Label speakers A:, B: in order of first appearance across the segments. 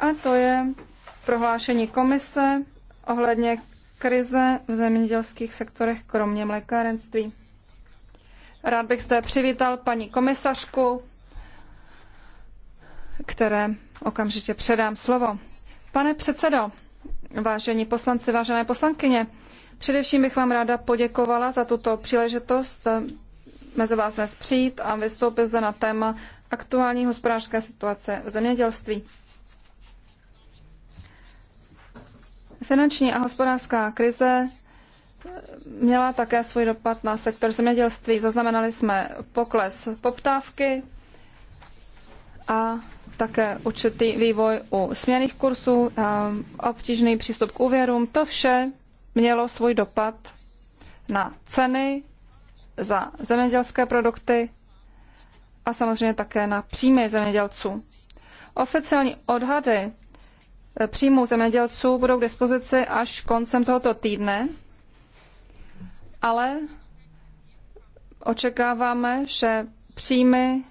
A: a to je prohlášení komise ohledně krize v zemědělských sektorech, kromě mlékárenství. Rád bych zde přivítal paní komisařku, které okamžitě předám slovo. Pane předsedo, vážení poslanci, vážené poslankyně, především bych vám ráda poděkovala za tuto příležitost mezi vás dnes přijít a vystoupit zde na téma aktuální hospodářské situace v zemědělství. Finanční a hospodářská krize měla také svůj dopad na sektor zemědělství. Zaznamenali jsme pokles poptávky a také určitý vývoj u směných kursů, obtížný přístup k úvěrům. To vše mělo svůj dopad na ceny za zemědělské produkty a samozřejmě také na příjmy zemědělců. Oficiální odhady E, příjmů zemědělců budou k dispozici až koncem tohoto týdne, ale očekáváme, že příjmy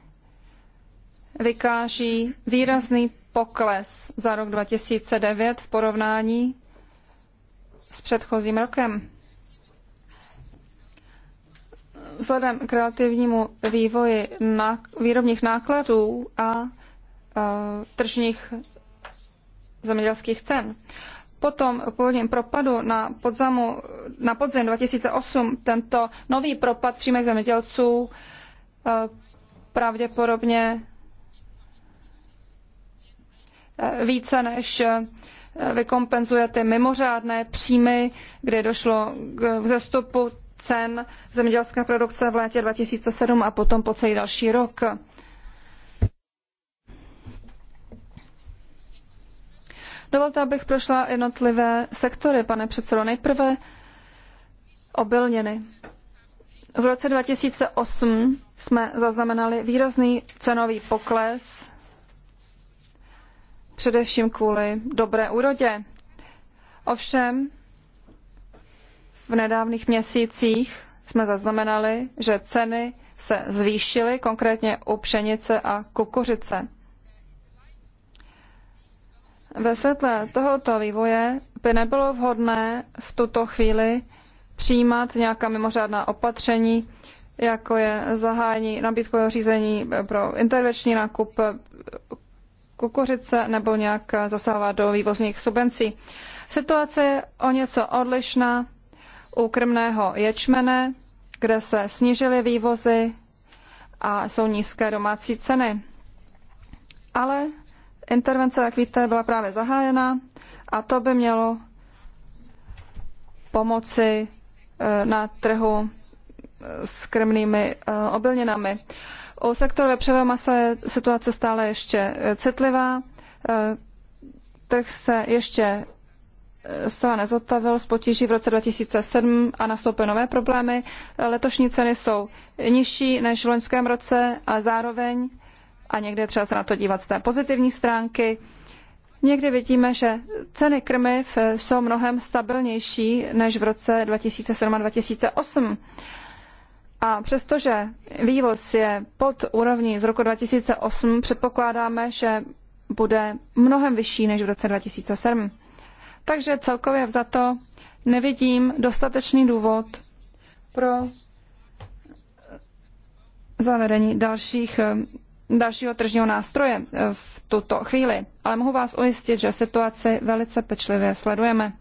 A: vykáží výrazný pokles za rok 2009 v porovnání s předchozím rokem. Vzhledem k relativnímu vývoji výrobních nákladů a e, tržních zemědělských cen. Po tom původním propadu na, podzamu, na podzim 2008 tento nový propad příjmek zemědělců eh, pravděpodobně eh, více než eh, vykompenzuje ty mimořádné příjmy, kde došlo k vzestupu cen zemědělské produkce v létě 2007 a potom po celý další rok. Dovolte, abych prošla jednotlivé sektory, pane předsedo. Nejprve obilniny. V roce 2008 jsme zaznamenali výrazný cenový pokles, především kvůli dobré úrodě. Ovšem, v nedávných měsících jsme zaznamenali, že ceny se zvýšily, konkrétně u pšenice a kukuřice. Ve světle tohoto vývoje by nebylo vhodné v tuto chvíli přijímat nějaká mimořádná opatření, jako je zahájení nabídkového řízení pro intervenční nákup kukuřice nebo nějak zasahovat do vývozních subvencí. Situace je o něco odlišná u krmného ječmene, kde se snížily vývozy a jsou nízké domácí ceny. Ale Intervence, jak víte, byla právě zahájena a to by mělo pomoci eh, na trhu eh, s krmnými eh, obilninami. U sektoru vepřového masa je situace stále ještě citlivá. Trh se ještě zcela nezotavil z potíží v roce 2007 a nastoupily nové problémy. Letošní ceny jsou nižší než v loňském roce a zároveň a někde třeba se na to dívat z té pozitivní stránky. Někdy vidíme, že ceny krmiv eh, jsou mnohem stabilnější než v roce 2007 a 2008. A přestože vývoz je pod úrovní z roku 2008, předpokládáme, že bude mnohem vyšší než v roce 2007. Takže celkově to nevidím dostatečný důvod pro zavedení dalších eh, dalšího tržního nástroje eh, v tuto chvíli, ale mohu vás ujistit, že situaci velice pečlivě sledujeme.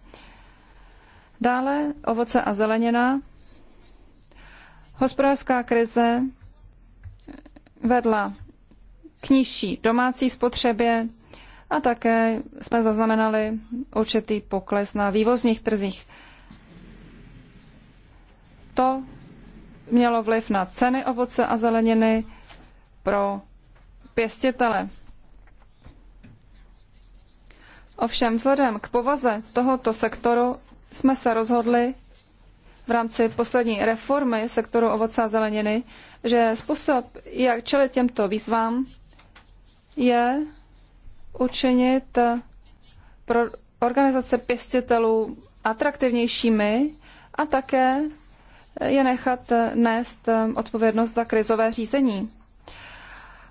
A: Dále ovoce a zelenina. Hospodářská krize vedla k nižší domácí spotřebě a také jsme zaznamenali určitý pokles na vývozních trzích. To mělo vliv na ceny ovoce a zeleniny pro pěstitele. Ovšem vzhledem k povaze tohoto sektoru jsme se rozhodli v rámci poslední reformy sektoru ovoce a zeleniny, že způsob, jak čelit těmto výzvám, je učinit pro organizace pěstitelů atraktivnějšími a také je nechat nést odpovědnost za krizové řízení.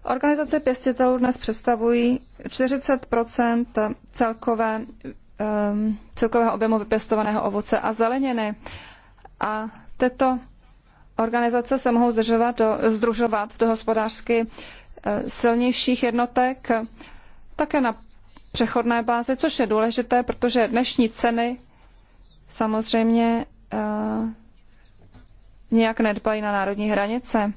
A: Organizace pěstitelů dnes představují 40 celkové, ehm, celkového objemu vypěstovaného ovoce a zeleniny. A tyto organizace se mohou zdržovat do, združovat do hospodářsky eh, silnějších jednotek, také na přechodné bázi, což je důležité, protože dnešní ceny samozřejmě uh, eh, nijak nedbají na národní hranice. Uh,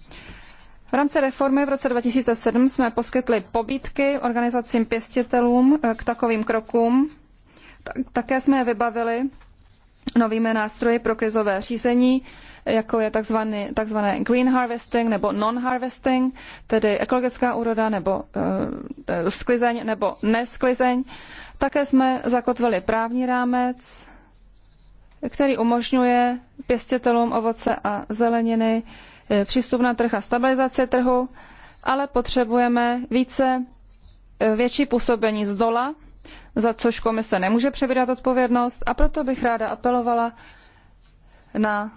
A: v rámci reformy v roce 2007 jsme poskytli pobídky organizacím pěstitelům eh, k takovým krokům. Také jsme je vybavili novými nástroji pro krizové řízení, jako je tzv. green harvesting nebo non-harvesting, tedy ekologická úroda nebo uh, sklizeň nebo nesklizeň. Také jsme zakotvili právní rámec, který umožňuje pěstitelům ovoce a zeleniny uh, E, přístup na trh a stabilizace trhu, ale potřebujeme více e, větší působení z dola, za což komise nemůže přebírat odpovědnost a proto bych ráda apelovala na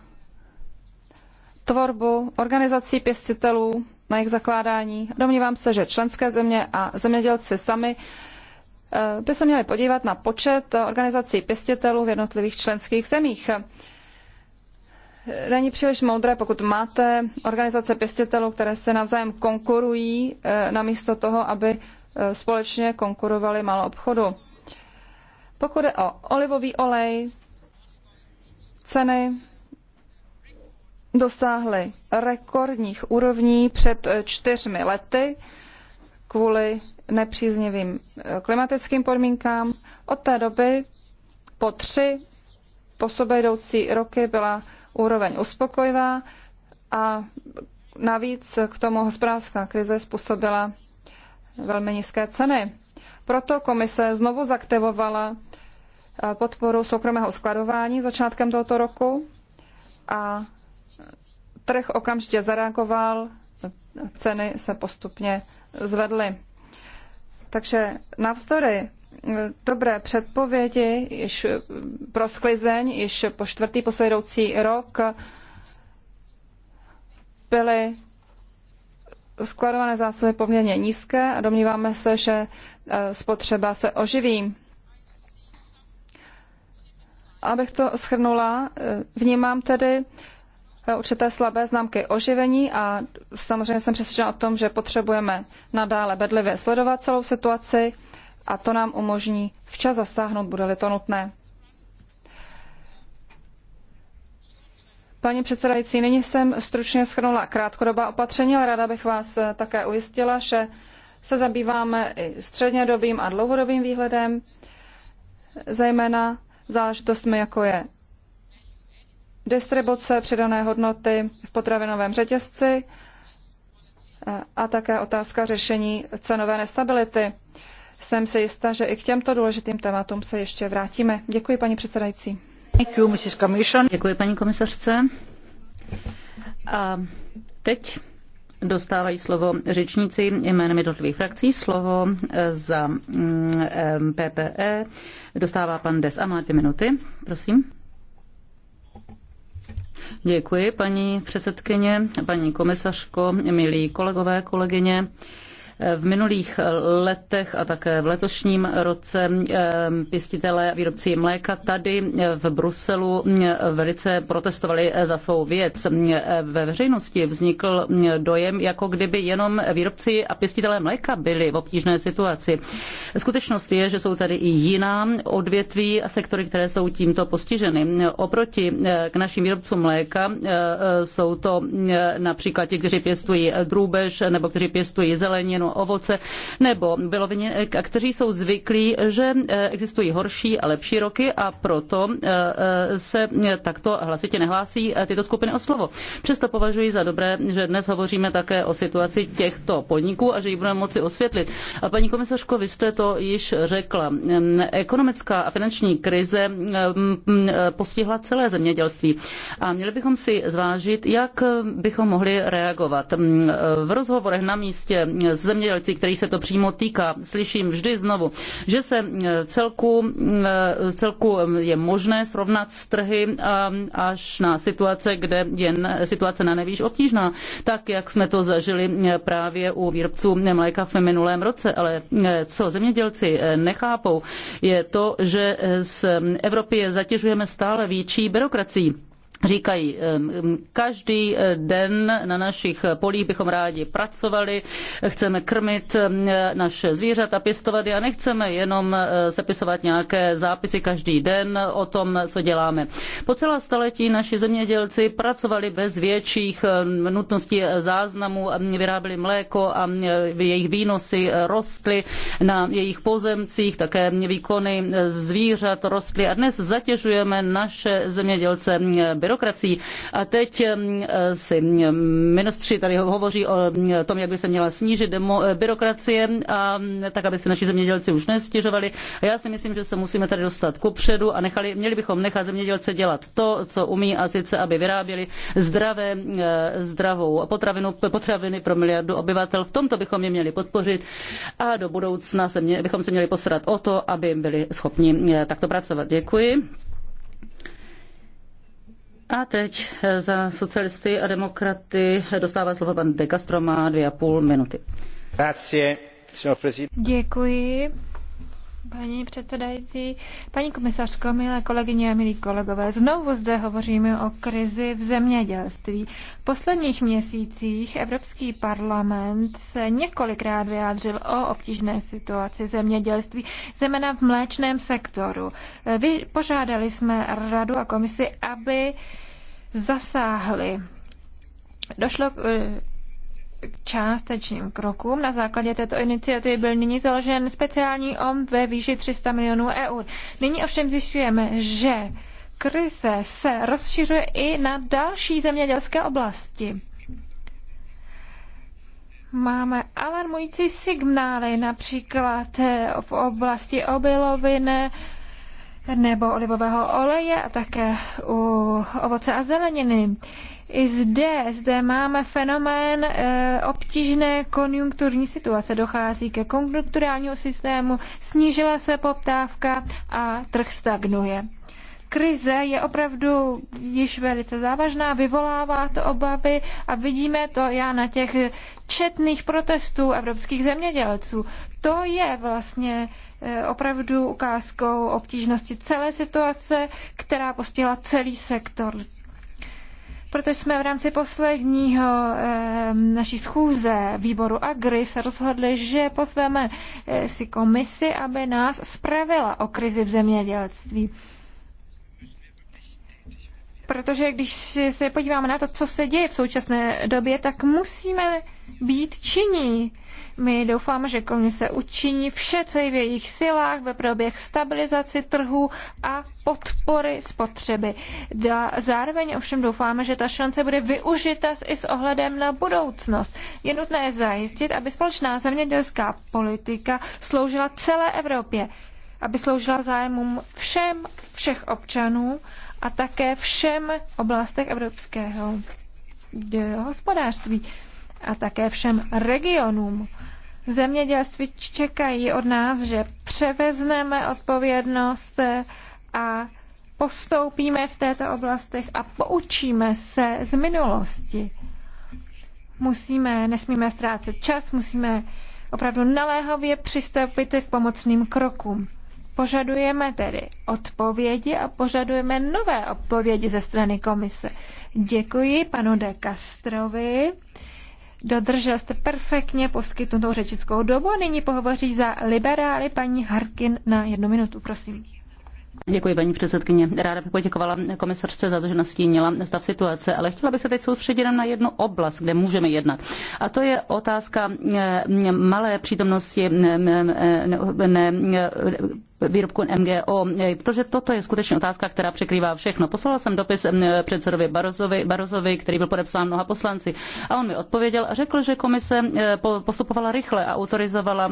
A: tvorbu organizací pěstitelů, na jejich zakládání. Domnívám se, že členské země a zemědělci sami e, by se měli podívat na počet organizací pěstitelů v jednotlivých členských zemích není příliš moudré, pokud máte organizace pěstitelů, které se navzájem konkurují, eh, namísto toho, aby eh, společně konkurovali malou obchodu. Pokud jde o olivový olej, ceny dosáhly rekordních úrovní před eh, čtyřmi lety kvůli nepříznivým klimatickým podmínkám. Od té doby po tři po sobě jdoucí roky byla úroveň uspokojivá a navíc k tomu hospodářská krize způsobila velmi nízké ceny. Proto komise znovu zaktivovala eh, podporu soukromého skladování začátkem tohoto roku a trh okamžitě zareagoval, ceny se postupně zvedly. Takže navzdory dobré předpovědi již eh, pro sklizeň, již po čtvrtý posledoucí rok byly skladované zásoby poměrně nízké a domníváme se, že eh, spotřeba se oživí. Abych to schrnula, eh, vnímám tedy určité slabé známky oživení a samozřejmě jsem přesvědčena o tom, že potřebujeme nadále bedlivě sledovat celou situaci a to nám umožní včas zasáhnout, bude-li to nutné. Paní předsedající, nyní jsem stručně schrnula krátkodobá opatření, ale ráda bych vás eh, také ujistila, že se zabýváme i střednědobým a dlouhodobým výhledem, zejména záležitostmi, jako je distribuce přidané hodnoty v potravinovém řetězci eh, a také otázka řešení cenové nestability jsem si jista, že i k těmto důležitým tématům se ještě vrátíme. Děkuji, paní
B: předsedající. Děkuji, paní komisařce. A teď dostávají slovo řečníci jménem jednotlivých frakcí. Slovo eh, za mm, eh, PPE dostává pan Des a má dvě minuty. Prosím. Děkuji, paní předsedkyně, paní komisařko, milí kolegové, kolegyně. V minulých letech a také v letošním roce ehm, pěstitelé výrobci mléka tady v Bruselu ehm, velice protestovali eh, za svou věc. Ehm, ve veřejnosti vznikl dojem, jako kdyby jenom výrobci a pěstitelé mléka byli v obtížné situaci. Skutečnost je, že jsou tady i jiná odvětví a sektory, které jsou tímto postiženy. Oproti k našim výrobcům mléka jsou to například ti, kteří pěstují drůbež nebo kteří pěstují zeleninu, cenu ovoce, nebo bylo by, kteří jsou zvyklí, že eh, existují horší a lepší roky a proto eh, eh, se takto hlasitě nehlásí tyto skupiny o slovo. Přesto považuji za dobré, že dnes hovoříme také o situaci těchto podniků a že ji budeme moci osvětlit. A paní komisařko, vy jste to již řekla. Ekonomická a finanční krize postihla celé zemědělství a měli bychom si zvážit, jak bychom mohli reagovat. V rozhovorech na místě s zemědělci, kterých se to přímo týká. Slyším vždy znovu, že se eh, celku, eh, celku eh, je možné srovnat s trhy až na situace, kde je situace na nevýš obtížná, tak jak jsme to zažili právě u výrobců mléka v minulém roce. Ale co zemědělci nechápou, je to, že z Evropy je zatěžujeme stále větší byrokracií Říkají, každý eh, den na našich polích bychom rádi pracovali, chceme krmit naše zvířata, pěstovat je a nechceme jenom eh, sepisovat nějaké zápisy každý den o tom, co děláme. Po celá staletí naši zemědělci pracovali bez větších nutností eh, záznamů, vyráběli mléko a jejich výnosy rostly na jejich pozemcích, také výkony zvířat rostly a dnes zatěžujeme naše zemědělce byrokracií byrokracií. A teď eh, si ministři tady hovoří o tom, jak by se měla snížit demo, eh, byrokracie, a tak, aby si naši zemědělci už nestěžovali. A já si myslím, že se musíme tady dostat kupředu a nechali, měli bychom nechat zemědělce dělat to, co umí, a sice, aby vyráběli zdravé, eh, zdravou potravinu, potraviny pro miliardu obyvatel. V tomto bychom je měli podpořit a do budoucna se mě, bychom se měli postarat o to, aby byli schopni takto pracovat. Děkuji. A teď eh, za socialisty a demokraty dostává slovo pan De Castro, má dvě a půl minuty.
C: Děkuji, paní předsedající.
B: Paní komisařko, milé
C: kolegyně a milí kolegové, znovu zde hovoříme o krizi v zemědělství. V posledních měsících Evropský parlament se několikrát vyjádřil o obtížné situaci zemědělství, zejména v mléčném sektoru. Eh, Vy, požádali jsme radu a komisi, aby zasáhli. Došlo eh, k částečným krokům. Na základě této iniciativy byl nyní založen speciální OM ve výši 300 milionů eur. Nyní ovšem zjišťujeme, že krize se rozšiřuje i na další zemědělské oblasti. Máme alarmující signály, například eh, v oblasti obilovin, nebo olivového oleje a také u ovoce a zeleniny. I zde, zde máme fenomén e, obtížné konjunkturní situace. Dochází ke konjunkturálního systému, snížila se poptávka a trh stagnuje krize je opravdu již velice závažná, vyvolává to obavy a vidíme to já na těch četných protestů evropských zemědělců. To je vlastně eh, opravdu ukázkou obtížnosti celé situace, která postihla celý sektor. Proto jsme v rámci posledního e, naší schůze výboru Agri se rozhodli, že pozveme e, si komisi, aby nás spravila o krizi v zemědělství protože když se podíváme na to, co se děje v současné době, tak musíme být činí. My doufáme, že komise učiní vše, co je v jejich silách ve proběh stabilizaci trhu a podpory spotřeby. Zároveň ovšem doufáme, že ta šance bude využita i s ohledem na budoucnost. Je nutné zajistit, aby společná zemědělská politika sloužila celé Evropě, aby sloužila zájmům všem, všech občanů a také všem oblastech evropského hospodářství a také všem regionům. Zemědělství čekají od nás, že převezneme odpovědnost a postoupíme v této oblastech a poučíme se z minulosti. Musíme, nesmíme ztrácet čas, musíme opravdu naléhavě přistoupit k pomocným krokům. Požadujeme tedy odpovědi a požadujeme nové odpovědi ze strany komise. Děkuji panu de Castrovi. Dodržel jste perfektně poskytnutou řečickou dobu a nyní pohovoří za liberály paní Harkin na jednu minutu, prosím.
B: Děkuji, paní předsedkyně. Ráda bych poděkovala komisařce za to, že nastínila stav situace, ale chtěla bych se teď soustředit na jednu oblast, kde můžeme jednat. A to je otázka eh, malé přítomnosti eh, eh, ne, ne, ne, výrobku MGO, protože toto je skutečně otázka, která překrývá všechno. Poslala jsem dopis předsedovi Barozovi, Barozovi který byl podepsán mnoha poslanci a on mi odpověděl a řekl, že komise e, postupovala rychle a autorizovala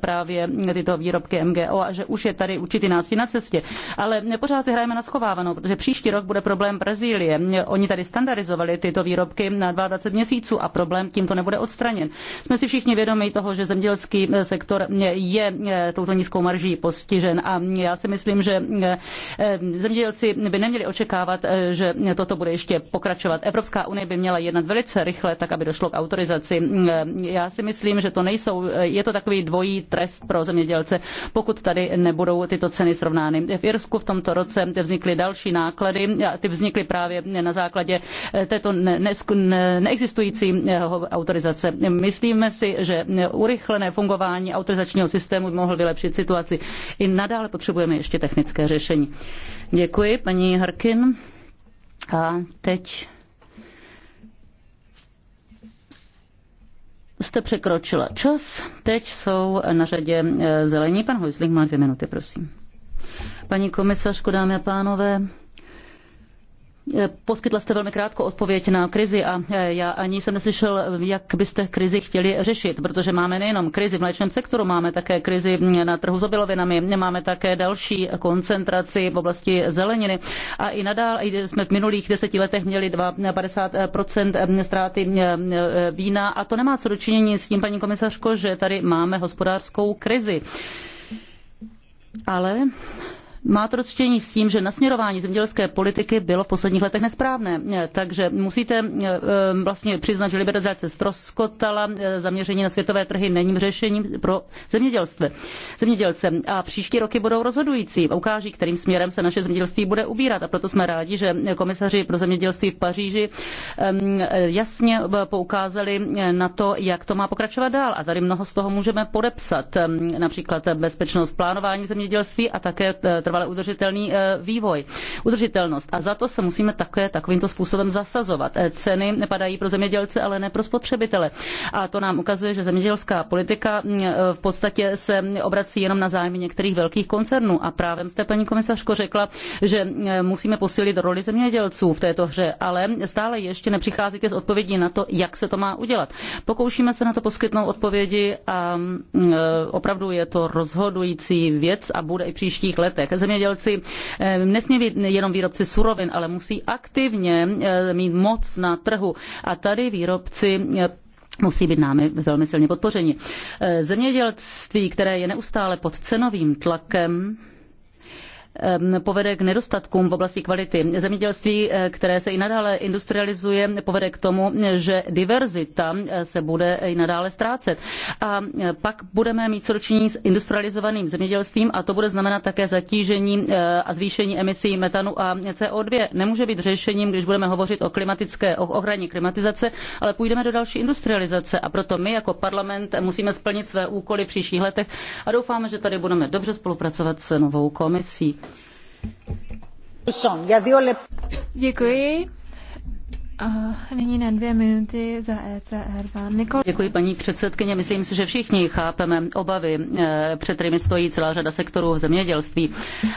B: právě tyto výrobky MGO a že už je tady určitý nástí na cestě. Ale pořád si hrajeme na schovávanou, protože příští rok bude problém Brazílie. Oni tady standardizovali tyto výrobky na 22 měsíců a problém tímto nebude odstraněn. Jsme si všichni vědomi toho, že zemědělský e, sektor je e, touto nízkou marží postižen označen a já si myslím, že eh, eh, zemědělci by neměli očekávat, eh, že toto bude ještě pokračovat. Evropská unie by měla jednat velice rychle, tak aby došlo k autorizaci. Mm, já si myslím, že to nejsou, je to takový dvojí trest pro zemědělce, pokud tady nebudou tyto ceny srovnány. V Irsku v tomto roce vznikly další náklady a ty vznikly právě na základě této neexistující autorizace. Myslíme si, že urychlené fungování autorizačního systému mohl vylepšit situaci. I na nadále potřebujeme ještě technické řešení. Děkuji, paní Harkin. A teď jste překročila čas. Teď jsou na řadě eh, zelení. Pan Hojzling má dvě minuty, prosím. Paní komisařko, dámy a pánové, Eh, poskytla jste velmi krátkou odpověď na krizi a eh, já ani jsem neslyšel, jak byste krizi chtěli řešit, protože máme nejenom krizi v mléčném sektoru, máme také krizi mm, na trhu s obilovinami, máme také další koncentraci v oblasti zeleniny a i nadál jsme v minulých deseti letech měli 52% eh, ztráty vína a to nemá co dočinění s tím, paní komisařko, že tady máme hospodářskou krizi. Ale má to dočinění s tím, že nasměrování zemědělské politiky bylo v posledních letech nesprávné. Takže musíte eh, eh, vlastně přiznat, že liberalizace stroskotala, eh, zaměření na světové trhy není řešením pro zemědělství. zemědělce. A příští roky budou rozhodující a ukáží, kterým směrem se naše zemědělství bude ubírat. A proto jsme rádi, že komisaři pro zemědělství v Paříži ehm, jasně poukázali na to, jak to má pokračovat dál. A tady mnoho z toho můžeme podepsat, ehm, například bezpečnost plánování zemědělství a také trvale udržitelný eh, vývoj, udržitelnost. A za to se musíme také takovýmto způsobem zasazovat. Eh, ceny nepadají pro zemědělce, ale ne pro spotřebitele. A to nám ukazuje, že zemědělská politika mm, eh, v podstatě se obrací jenom na zájmy některých velkých koncernů. A právě jste, paní komisařko, řekla, že mm, musíme posílit roli zemědělců v této hře, ale stále ještě nepřicházíte s odpovědí na to, jak se to má udělat. Pokoušíme se na to poskytnout odpovědi a mm, opravdu je to rozhodující věc a bude i v příštích letech zemědělci eh, nesmí být jenom výrobci surovin, ale musí aktivně eh, mít moc na trhu. A tady výrobci eh, musí být námi velmi silně podpořeni. Zemědělství, které je neustále pod cenovým tlakem, Ehm, povede k nedostatkům v oblasti kvality. Zemědělství, eh, které se i nadále industrializuje, povede k tomu, že diverzita eh, se bude i nadále ztrácet. A eh, pak budeme mít co s industrializovaným zemědělstvím a to bude znamenat také zatížení a zvýšení emisí metanu a CO2. Nemůže být řešením, když budeme hovořit o klimatické o ochraně klimatizace, ale půjdeme do další industrializace a proto my jako parlament musíme splnit své úkoly v příštích letech a doufáme, že tady budeme dobře spolupracovat s novou komisí.
C: Děkuji. A nyní na dvě minuty za ECR
B: Nikol. Děkuji paní předsedkyně. Myslím si, že všichni chápeme obavy, eh, před kterými stojí celá řada sektorů v zemědělství.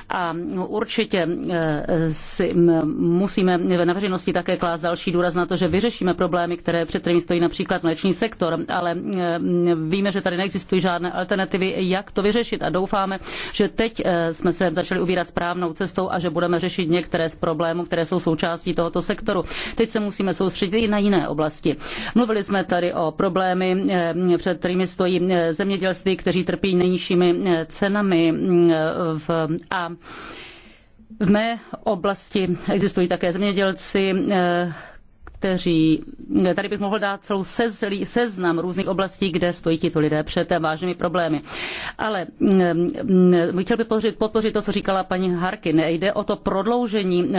B: A určitě eh, si musíme ve veřejnosti také klást další důraz na to, že vyřešíme problémy, které před kterými stojí například mléčný sektor, ale eh, víme, že tady neexistují žádné alternativy, jak to vyřešit a doufáme, že teď jsme se začali ubírat správnou cestou a že budeme řešit některé z problémů, které jsou součástí tohoto sektoru. Teď se musíme soustředit i na jiné oblasti. Mluvili jsme tady o problémy, eh, před kterými stojí eh, zemědělství, kteří trpí nejnižšími eh, cenami mm, v, a v mé oblasti existují také zemědělci, kteří, tady bych mohl dát celou sezlí, seznam různých oblastí, kde stojí tito lidé před vážnými problémy. Ale mm, mm, chtěl bych podpořit, podpořit to, co říkala paní Harkin. Jde o to prodloužení mm,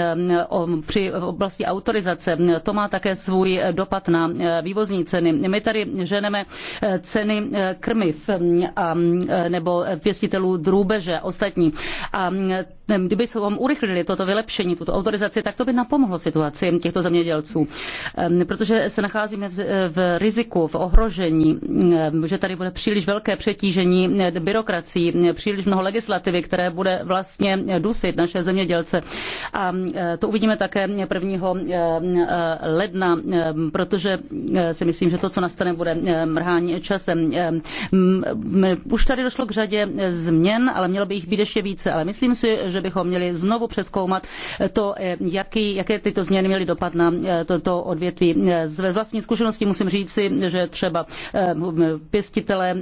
B: o, při oblasti autorizace. To má také svůj dopad na vývozní ceny. My tady ženeme eh, ceny eh, krmiv a, nebo eh, pěstitelů drůbeže ostatní. A kdyby se vám urychlili toto vylepšení, tuto autorizaci, tak to by napomohlo situaci těchto zemědělců. Protože se nacházíme v riziku, v ohrožení, že tady bude příliš velké přetížení byrokracií, příliš mnoho legislativy, které bude vlastně dusit naše zemědělce. A to uvidíme také 1. ledna, protože si myslím, že to, co nastane, bude mrhání časem. Už tady došlo k řadě změn, ale mělo by jich být ještě více. Ale myslím si, že že bychom měli znovu přeskoumat to, eh, jaký, jaké tyto změny měly dopad na eh, toto odvětví. Eh, z vlastní zkušenosti musím říci, že třeba pěstitele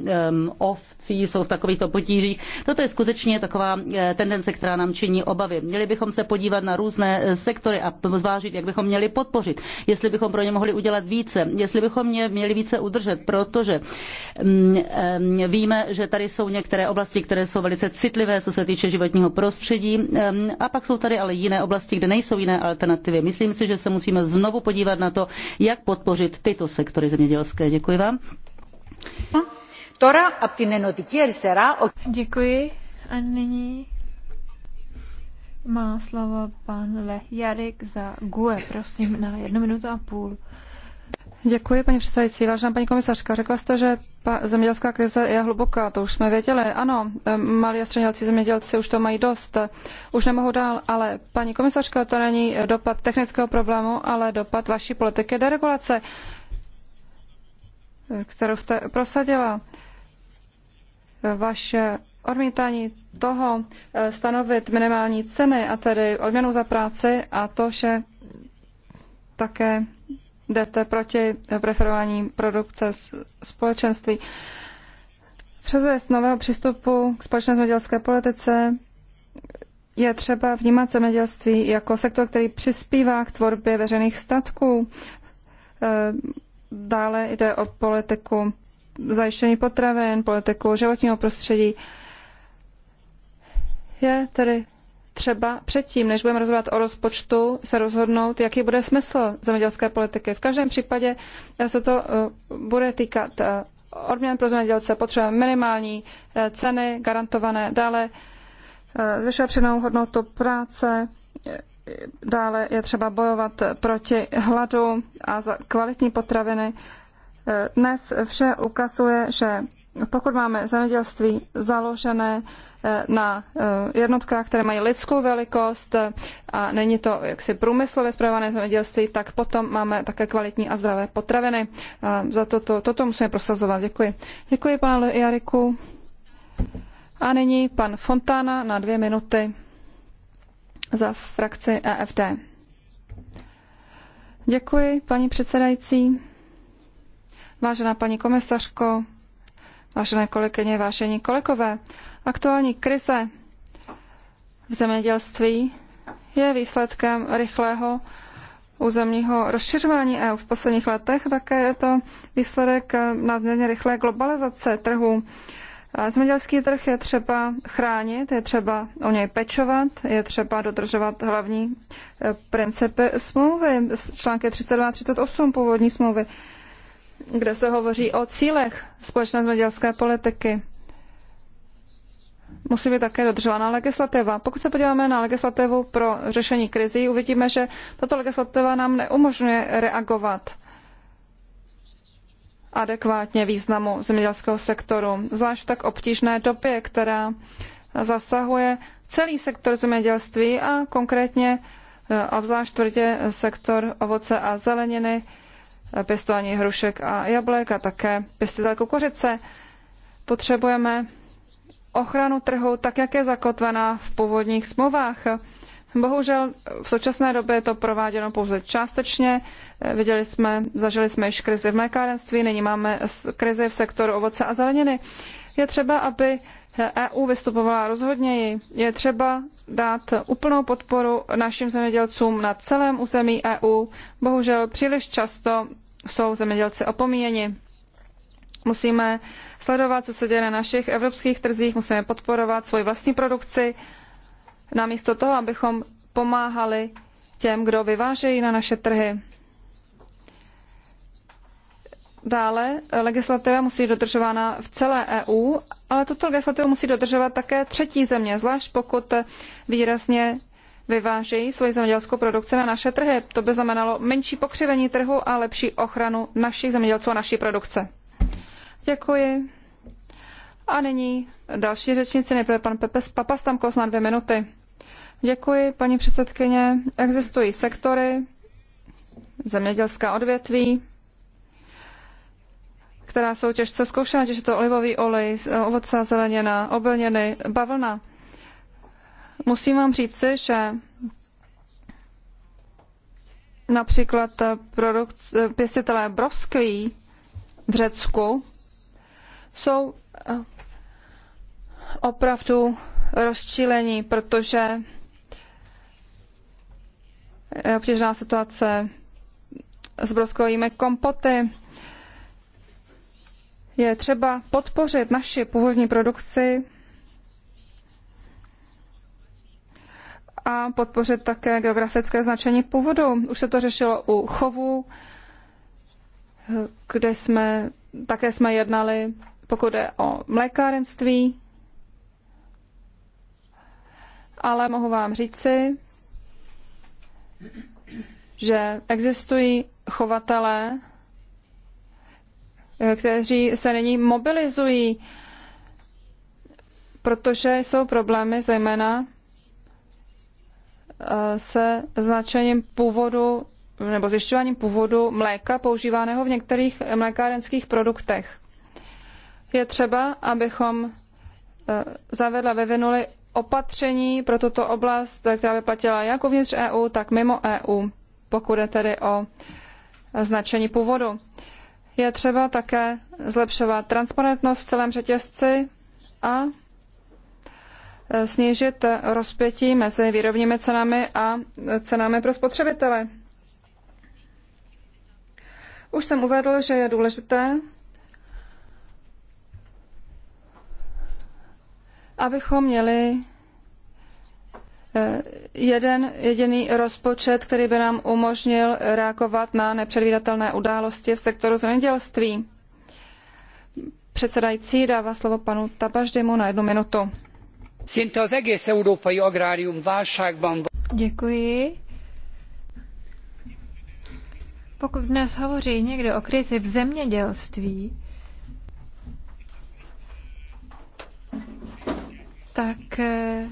B: ovcí jsou v takovýchto potížích. Toto je skutečně taková tendence, která nám činí obavy. Měli bychom se podívat na různé sektory a zvážit, jak bychom měli podpořit, jestli bychom pro ně mohli udělat více, jestli bychom mě měli více udržet, protože mm, víme, že tady jsou některé oblasti, které jsou velice citlivé, co se týče životního prostředí prostředí. A pak jsou tady ale jiné oblasti, kde nejsou jiné alternativy. Myslím si, že se musíme znovu podívat na to, jak podpořit tyto sektory zemědělské. Děkuji vám.
C: Děkuji. A nyní má slovo pan Le Jarek za GUE, prosím, na jednu minutu a půl.
A: Děkuji, paní předsedající. Vážená paní komisařka, řekla jste, že zemědělská krize je hluboká, to už jsme věděli. Ano, malí a střední zemědělci už to mají dost, už nemohou dál, ale paní komisařka, to není dopad technického problému, ale dopad vaší politiky deregulace, kterou jste prosadila. Vaše odmítání toho eh, stanovit minimální ceny a tedy odměnu za práci a to, že také jdete proti preferování produkce společenství. Přezvěst nového přístupu k společné zemědělské politice je třeba vnímat zemědělství jako sektor, který přispívá k tvorbě veřejných statků. Eh, dále jde o politiku zajištění potravin, politiku životního prostředí. Je tedy třeba předtím, než budeme rozhodovat o rozpočtu, se rozhodnout, jaký bude smysl zemědělské politiky. V každém případě eh, se to eh, bude týkat eh, odměn pro zemědělce, potřebujeme minimální ceny garantované, dále zvyšovat přednou hodnotu práce, dále je třeba bojovat proti hladu a za kvalitní potraviny. Dnes vše ukazuje, že pokud máme zemědělství založené eh, na eh, jednotkách, které mají lidskou velikost eh, a není to jaksi průmyslově zpravované zemědělství, tak potom máme také kvalitní a zdravé potraviny. A za toto, toto musíme prosazovat. Děkuji. Děkuji, pane Jariku. A nyní pan Fontana na dvě minuty za frakci EFD. Děkuji, paní předsedající. Vážená paní komisařko, vážené kolegyně, vážení kolegové. Aktuální krize v zemědělství je výsledkem rychlého územního rozšiřování EU v posledních letech, také je to výsledek nadměrně rychlé globalizace trhu. Zemědělský trh je třeba chránit, je třeba o něj pečovat, je třeba dodržovat hlavní eh, principy smlouvy, články 32 a 38 původní smlouvy kde se hovoří o cílech společné zemědělské politiky. Musí být také dodržována legislativa. Pokud se podíváme na legislativu pro řešení krizí, uvidíme, že tato legislativa nám neumožňuje reagovat adekvátně významu zemědělského sektoru, zvlášť v tak obtížné době, která zasahuje celý sektor zemědělství a konkrétně a zvlášť tvrdě sektor ovoce a zeleniny, pěstování hrušek a jablek a také pěstitele kukuřice. Potřebujeme ochranu trhu tak, jak je zakotvená v původních smlouvách. Bohužel v současné době je to prováděno pouze částečně. Viděli jsme, zažili jsme již krizi v mlékárenství, nyní máme krizi v sektoru ovoce a zeleniny. Je třeba, aby EU vystupovala rozhodněji. Je třeba dát úplnou podporu našim zemědělcům na celém území EU. Bohužel příliš často jsou zemědělci opomíjeni. Musíme sledovat, co se děje na našich evropských trzích, musíme podporovat svoji vlastní produkci, namísto toho, abychom pomáhali těm, kdo vyvážejí na naše trhy. Dále legislativa musí být dodržována v celé EU, ale tuto legislativu musí dodržovat také třetí země, zvlášť pokud výrazně vyvážejí svoji zemědělskou produkci na naše trhy. To by znamenalo menší pokřivení trhu a lepší ochranu našich zemědělců a naší produkce. Děkuji. A nyní další řečnici, nejprve pan Pepe Papastamkos na dvě minuty. Děkuji, paní předsedkyně. Existují sektory, zemědělská odvětví, která jsou těžce zkoušena, že je to olivový olej, ovoce, zelenina, obilniny, bavlna – Musím vám říci, že například produkt, pěstitelé broskví v Řecku jsou eh, opravdu rozčílení, protože je eh, obtížná situace s broskovými kompoty. Je třeba podpořit naši původní produkci a podpořit také geografické značení původu. Už se to řešilo u chovů, kde jsme také jsme jednali, pokud je o mlékárenství, ale mohu vám říci, že existují chovatelé, kteří se nyní mobilizují, protože jsou problémy zejména Eh, se značením původu nebo zjišťováním původu mléka používaného v některých mlékárenských produktech. Je třeba, abychom eh, zavedla, vyvinuli opatření pro tuto oblast, která by platila jak uvnitř EU, tak mimo EU, pokud je tedy o značení původu. Je třeba také zlepšovat transparentnost v celém řetězci a Eh, snížit rozpětí mezi výrobními cenami a cenami pro spotřebitele. Už jsem uvedl, že je důležité, abychom měli eh, jeden jediný rozpočet, který by nám umožnil reagovat na nepředvídatelné události v sektoru zemědělství. Předsedající dává slovo panu Tabaždymu na jednu minutu. Szinte az egész európai agrárium válságban van. Děkuji.
C: Pokud nás hovoří někdo o krizi v zemědělství, tak eh,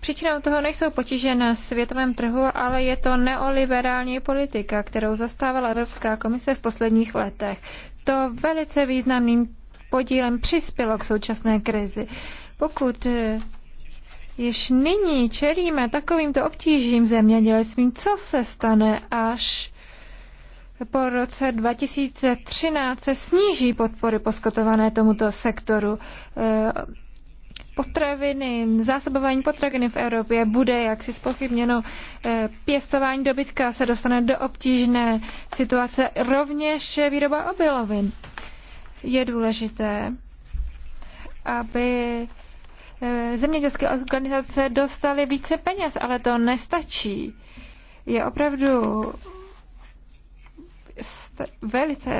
C: Příčinou toho nejsou potíže na světovém trhu, ale je to neoliberální politika, kterou zastávala Evropská komise v posledních letech. To velice významným podílem přispělo k současné krizi. Pokud eh, již nyní čelíme takovýmto obtížím zemědělstvím, co se stane, až po roce 2013 se sníží podpory poskotované tomuto sektoru. Eh, potraviny, zásobování potraviny v Evropě bude jaksi spochybněno. Eh, pěstování dobytka se dostane do obtížné situace, rovněž výroba obilovin. Je důležité, aby zemědělské organizace dostaly více peněz, ale to nestačí. Je opravdu velice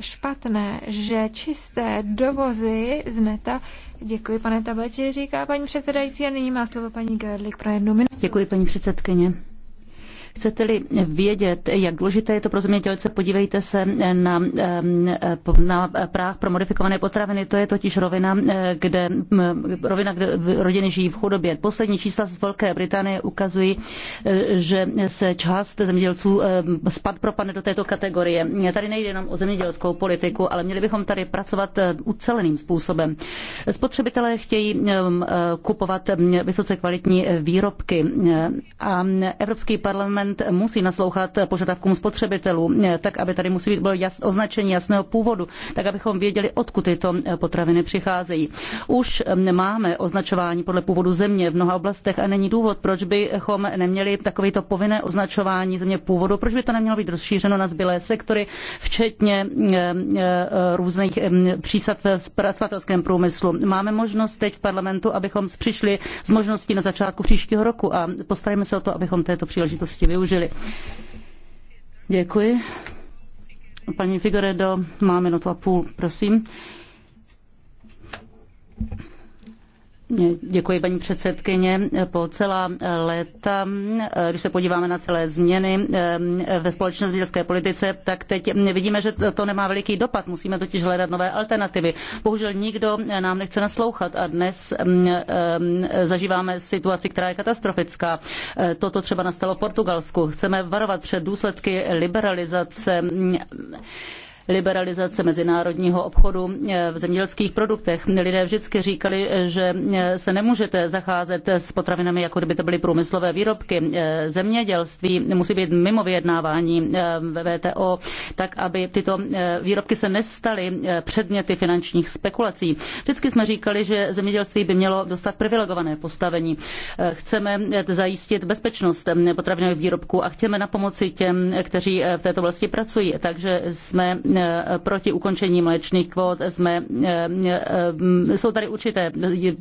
C: špatné, že čisté dovozy z neta. Děkuji, pane Tabači, říká paní předsedající a nyní má slovo paní Gerlich pro
B: jednu minutu. Děkuji, paní předsedkyně. Chcete-li vědět, jak důležité je to pro zemědělce, podívejte se na, na práh pro modifikované potraviny. To je totiž rovina, kde, rovina, kde rodiny žijí v chudobě. Poslední čísla z Velké Británie ukazují, eh, že se část zemědělců spad propadne do této kategorie. Tady nejde jenom o zemědělskou politiku, ale měli bychom tady pracovat eh, uceleným způsobem. Spotřebitelé chtějí eh, kupovat vysoce kvalitní výrobky a Evropský parlament konzument musí naslouchat požadavkům spotřebitelů, eh, tak aby tady musí být bylo jas, označení jasného původu, tak abychom věděli, odkud tyto eh, potraviny přicházejí. Už eh, máme označování podle původu země v mnoha oblastech a není důvod, proč bychom neměli takovéto povinné označování země původu, proč by to nemělo být rozšířeno na zbylé sektory, včetně různých přísad v pracovatelském průmyslu. Máme možnost teď v parlamentu, abychom přišli s možností na začátku příštího roku a postarejme se o to, abychom této příležitosti využili. Děkuji. Paní Figueredo, má minutu a půl, prosím. Děkuji, paní předsedkyně. Po celá léta, když se podíváme na celé změny eh, ve společné zemědělské politice, tak teď vidíme, že to nemá veliký dopad. Musíme totiž hledat nové alternativy. Bohužel nikdo nám nechce naslouchat a dnes mm, eh, zažíváme situaci, která je katastrofická. Eh, toto třeba nastalo v Portugalsku. Chceme varovat před důsledky liberalizace mm, liberalizace mezinárodního obchodu eh, v zemědělských produktech. Lidé vždycky říkali, eh, že eh, se nemůžete zacházet s potravinami, jako kdyby to byly průmyslové výrobky. Zemědělství musí být mimo vyjednávání ve VTO, tak aby tyto výrobky se nestaly předměty finančních spekulací. Vždycky jsme říkali, že zemědělství by mělo dostat privilegované postavení. Chceme zajistit bezpečnost potravinových výrobků a chceme na pomoci těm, kteří v této vlasti pracují. Takže jsme Eh, proti ukončení mléčných kvót. Jsme, eh, eh, jsou tady určité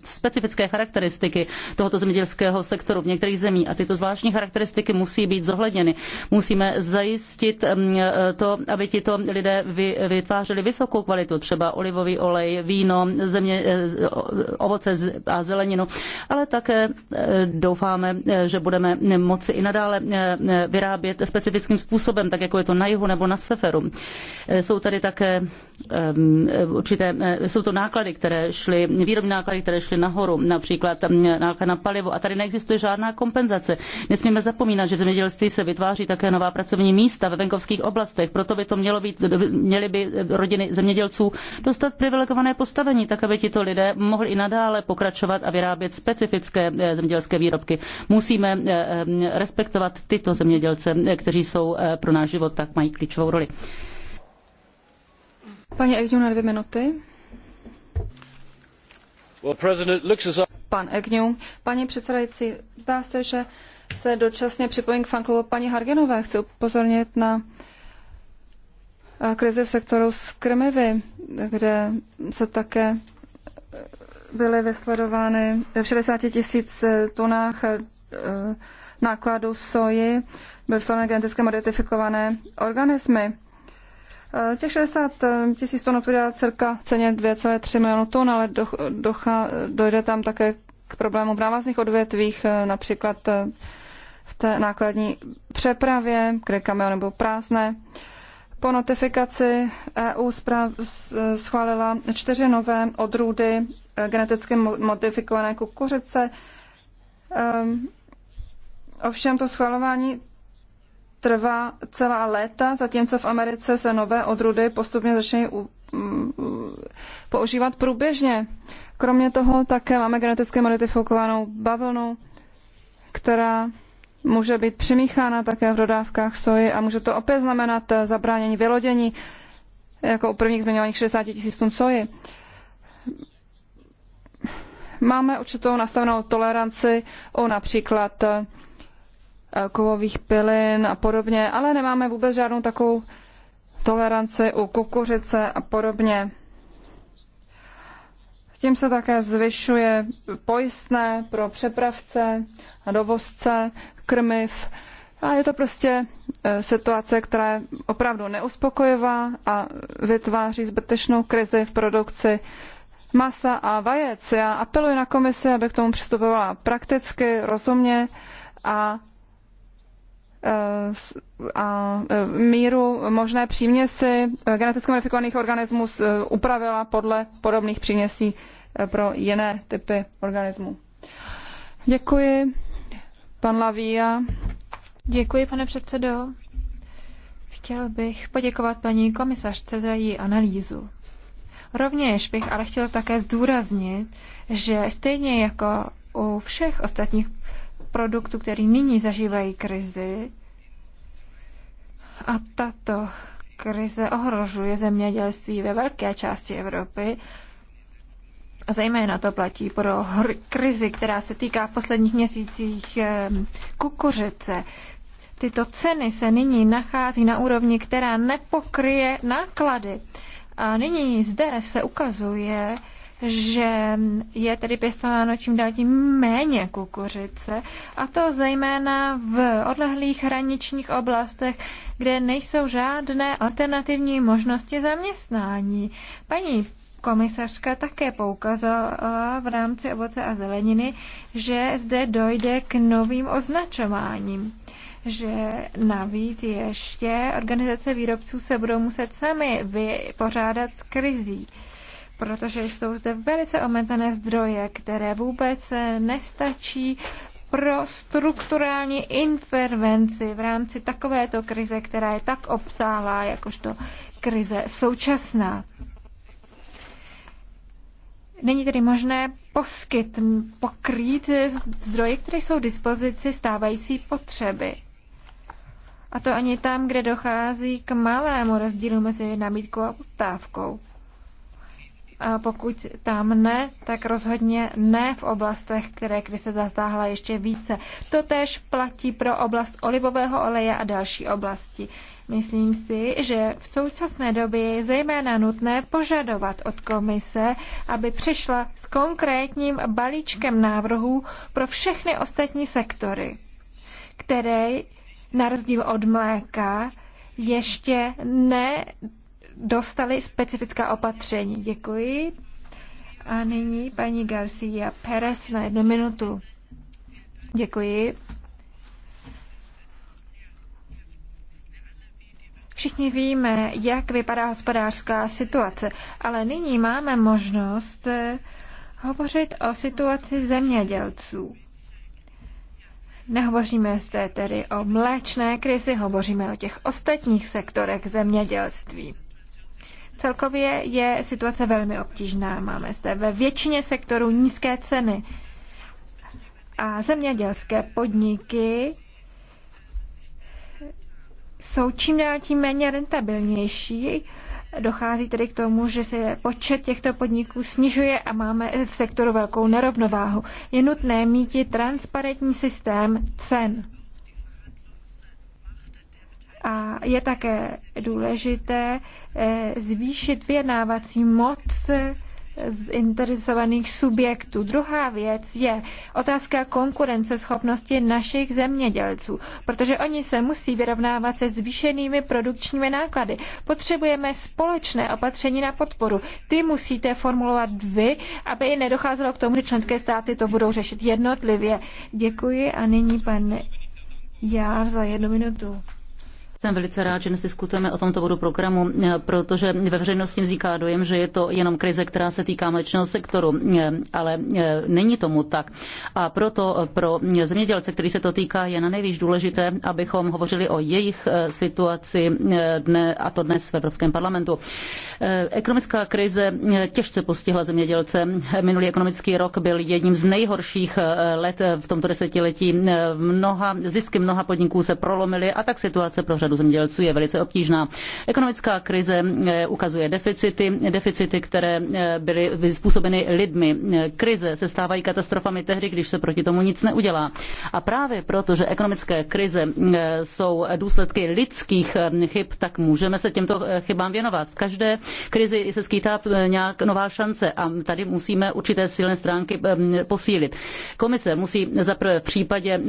B: specifické charakteristiky tohoto zemědělského sektoru v některých zemích a tyto zvláštní charakteristiky musí být zohledněny. Musíme zajistit to, aby tito lidé vytvářeli vysokou kvalitu, třeba olivový olej, víno, země, ovoce a zeleninu, ale také doufáme, že budeme moci i nadále vyrábět specifickým způsobem, tak jako je to na jihu nebo na severu. Jsou tady také určité, jsou to náklady, které šly, výrobní náklady, které šly nahoru, například náklad na palivo. A tady neexistuje žádná kompenzace. Nesmíme zapomínat, že v zemědělství se vytváří také nová pracovní místa ve venkovských oblastech. Proto by to mělo být, měly by rodiny zemědělců dostat privilegované postavení, tak aby tito lidé mohli i nadále pokračovat a vyrábět specifické eh, zemědělské výrobky. Musíme eh, respektovat tyto zemědělce, eh, kteří jsou pro náš život tak mají klíčovou roli.
A: Paní Pan Paní předsedající, zdá se, že se dočasně připojím k fanklubu paní Hargenové. Chci upozornit na eh, krizi v sektoru skrmivy, kde se také eh, byly vysledovány v šedesáti tisíc eh, tunách nákladu soji, byly vysledovány geneticky modifikované organismy. Těch 60 eh, tisíc tun odpovídá cirka ceně 2,3 milionu tun, ale do, docha, dojde tam také k problému v návazných odvětvích, eh, například eh, v té nákladní přepravě, kde kamiony budou prázdné. Po notifikaci EU schválila čtyři nové odrůdy geneticky modifikované kukuřice. Ehm, ovšem to schvalování trvá celá léta, zatímco v Americe se nové odrudy postupně začínají mm, používat průběžně. Kromě toho také máme geneticky modifikovanou bavlnu, která může být přimíchána také v dodávkách soji a může to opět znamenat eh, zabránění vylodění, jako u prvních zmiňovaných 60 tisíc tun soji. Máme určitou nastavenou toleranci o například eh, Eh, kovových pilin a podobně, ale nemáme vůbec žádnou takovou toleranci u kukuřice a podobně. Tím se také zvyšuje pojistné pro přepravce a dovozce krmiv. A je to prostě eh, situace, která je opravdu neuspokojivá a vytváří zbytečnou krizi v produkci masa a vajec. Já apeluji na komisi, aby k tomu přistupovala prakticky, rozumně a Eh, a eh, míru možné příměsi eh, geneticky modifikovaných organismů upravila podle podobných příměsí pro jiné typy organismů. Děkuji, pan Lavia. Děkuji, pane předsedo. Chtěl bych poděkovat paní
C: komisařce za její analýzu. Rovněž bych ale chtěl také zdůraznit, že stejně jako u všech ostatních produktů, který nyní zažívají krizi, a tato krize ohrožuje zemědělství ve velké části Evropy, a zejména to platí pro krizi, která se týká v posledních měsících eh, kukuřice. Tyto ceny se nyní nachází na úrovni, která nepokryje náklady. A nyní zde se ukazuje, že je tedy pěstováno čím dál tím méně kukuřice, a to zejména v odlehlých hraničních oblastech, kde nejsou žádné alternativní možnosti zaměstnání. Paní Komisařka také poukazala v rámci ovoce a zeleniny, že zde dojde k novým označováním že navíc ještě organizace výrobců se budou muset sami vypořádat s krizí protože jsou zde velice omezené zdroje, které vůbec nestačí pro strukturální intervenci v rámci takovéto krize, která je tak obsáhlá, jakožto krize současná. Není tedy možné poskyt, pokrýt zdroje, které jsou k dispozici stávající potřeby. A to ani tam, kde dochází k malému rozdílu mezi nabídkou a poptávkou. A pokud tam ne, tak rozhodně ne v oblastech, které krize zatáhla ještě více. To též platí pro oblast olivového oleje a další oblasti. Myslím si, že v současné době je zejména nutné požadovat od komise, aby přišla s konkrétním balíčkem návrhů pro všechny ostatní sektory, které na rozdíl od mléka ještě ne dostali specifická opatření. Děkuji. A nyní paní Garcia Perez na jednu minutu. Děkuji. Všichni víme, jak vypadá hospodářská situace, ale nyní máme možnost eh, hovořit o situaci zemědělců. Nehovoříme zde tedy o mléčné krizi, hovoříme o těch ostatních sektorech zemědělství. Celkově je situace velmi obtížná. Máme zde ve většině sektorů nízké ceny a zemědělské podniky jsou čím dál tím méně rentabilnější. Dochází tedy k tomu, že se počet těchto podniků snižuje a máme v sektoru velkou nerovnováhu. Je nutné mít transparentní systém cen. A je také důležité eh, zvýšit vyjednávací moc interesovaných subjektů. Druhá věc je otázka konkurenceschopnosti našich zemědělců, protože oni se musí vyrovnávat se zvýšenými produkčními náklady. Potřebujeme společné opatření na podporu. Ty musíte formulovat vy, aby i nedocházelo k tomu, že členské státy to budou řešit jednotlivě. Děkuji a nyní pan Jár za jednu minutu.
B: Jsem velice rád, že dnes diskutujeme o tomto bodu programu, eh, protože ve veřejnosti vzniká dojem, že je to jenom krize, která se týká mléčného sektoru, eh, ale eh, není tomu tak. A proto pro zemědělce, který se to týká, je na nejvíc důležité, abychom hovořili o jejich situaci dne, a to dnes v Evropském parlamentu. Ekonomická krize těžce postihla zemědělce. Minulý ekonomický rok byl jedním z nejhorších let v tomto desetiletí. Mnoha, zisky mnoha podniků se prolomily a tak situace pro řadu řadu zemědělců je velice obtížná. Ekonomická krize eh, ukazuje deficity, deficity, které eh, byly způsobeny lidmi. Krize se stávají katastrofami tehdy, když se proti tomu nic neudělá. A právě proto, že ekonomické krize eh, jsou důsledky lidských chyb, tak můžeme se těmto chybám věnovat. V každé krizi se skýtá nějak nová šance a tady musíme určité silné stránky posílit. Komise musí zaprvé v případě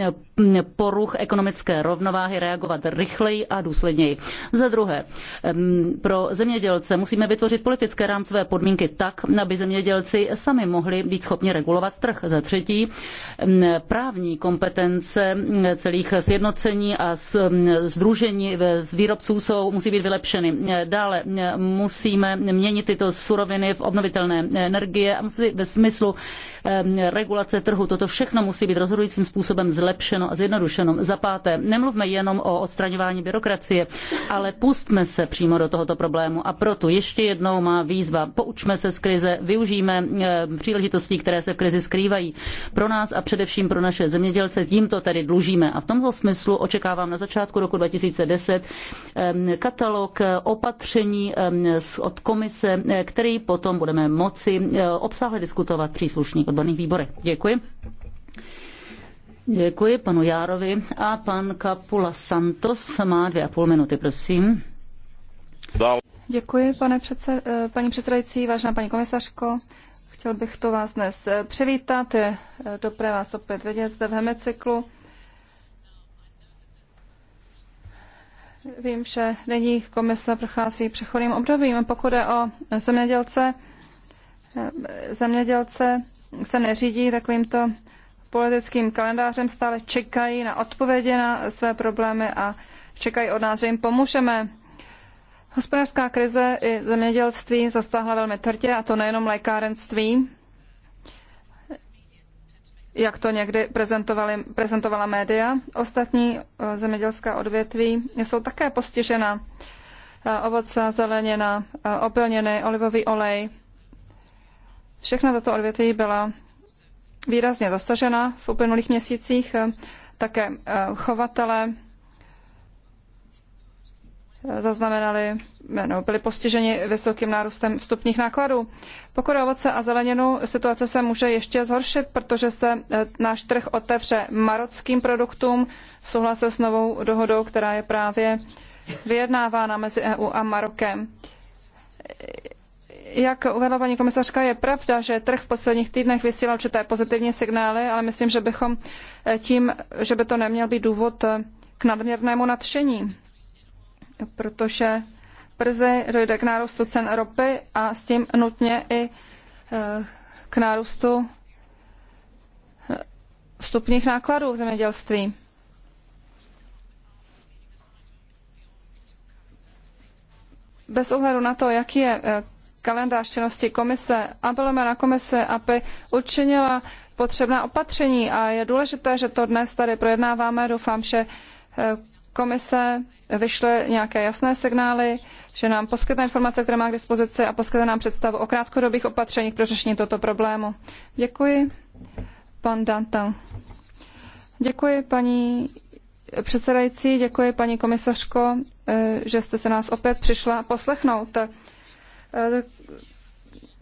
B: poruch ekonomické rovnováhy reagovat rychleji a důsledněji. Za druhé, pro zemědělce musíme vytvořit politické rámcové podmínky tak, aby zemědělci sami mohli být schopni regulovat trh. Za třetí, právní kompetence celých sjednocení a združení výrobců jsou, musí být vylepšeny. E, dále musíme měnit tyto suroviny v obnovitelné energie a musí ve smyslu regulace trhu. Toto všechno musí být rozhodujícím způsobem zlepšeno a zjednodušeno. Za páté, nemluvme jenom o odstraňování byrokracie demokracie. ale pustme se přímo do tohoto problému. A proto ještě jednou má výzva, poučme se z krize, využijme eh, příležitostí, které se v krizi skrývají. Pro nás a především pro naše zemědělce tím to tedy dlužíme. A v tomto smyslu očekávám na začátku roku 2010 eh, katalog eh, opatření od komise, který potom budeme moci obsáhle diskutovat v příslušných odborných výborech. Děkuji. Děkuji panu Járovi a pan Kapula Santos má dvě a půl minuty, prosím. Dál.
A: Děkuji, pane předsed, eh, paní předsedající, vážená paní komisařko. Chtěl bych to vás dnes eh, přivítat. Je eh, dobré vás opět vidět zde v Hemicyklu. Vím, že nyní komise prochází přechodným obdobím. Pokud je o zemědělce, zemědělce se neřídí takovýmto politickým kalendářem, stále čekají na odpovědi na své problémy a čekají od nás, že jim pomůžeme. Hospodářská krize i zemědělství zastáhla velmi tvrdě, a to nejenom lékárenství, jak to někdy prezentovala média. Ostatní e, zemědělská odvětví jsou také postižena. E, ovoce, zelenina, e, opilniny, olivový olej. Všechna tato odvětví byla výrazně zasažena v uplynulých měsících. Eh, Také eh, chovatele eh, zaznamenali, no, byli postiženi vysokým nárůstem vstupních nákladů. Pokud ovoce a zeleninu, situace se může ještě zhoršit, protože se náš trh otevře marockým produktům v souhlasu s novou dohodou, která je právě vyjednávána mezi EU a Marokem jak uvedla paní komisařka, je pravda, že trh v posledních týdnech vysílal určité pozitivní signály, ale myslím, že bychom eh, tím, že by to neměl být důvod eh, k nadměrnému nadšení, protože brzy dojde k nárůstu cen ropy a s tím nutně i eh, k nárůstu vstupních nákladů v zemědělství. Bez ohledu na to, jaký je kalendář činnosti komise. Apelujeme na komise, aby učinila potřebná opatření a je důležité, že to dnes tady projednáváme. Doufám, že eh, komise vyšle nějaké jasné signály, že nám poskytne informace, které má k dispozici a poskytne nám představu o krátkodobých opatřeních pro řešení tohoto problému. Děkuji. Pan Dantan. Děkuji, paní předsedající, děkuji, paní komisařko, eh, že jste se nás opět přišla poslechnout. Eh,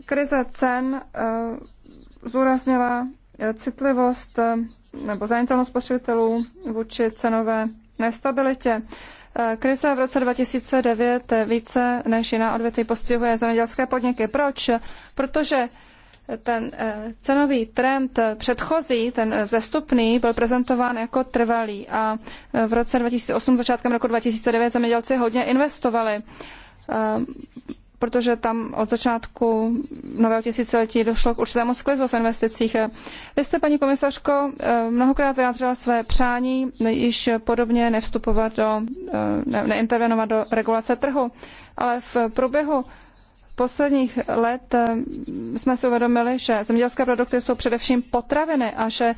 A: krize cen eh, zúraznila eh, citlivost eh, nebo zranitelnost spotřebitelů vůči cenové nestabilitě. Krize v roce 2009 více než jiná odvětví postihuje zemědělské podniky. Proč? Protože ten cenový trend předchozí, ten vzestupný, byl prezentován jako trvalý a v roce 2008, začátkem roku 2009 zemědělci hodně investovali protože tam od začátku nového tisíciletí došlo k určitému sklizu v investicích. Vy jste, paní komisařko, eh, mnohokrát vyjádřila své přání již podobně nevstupovat do, eh, ne, neintervenovat do regulace trhu, ale v průběhu posledních let eh, jsme si uvědomili, že zemědělské produkty jsou především potraviny a že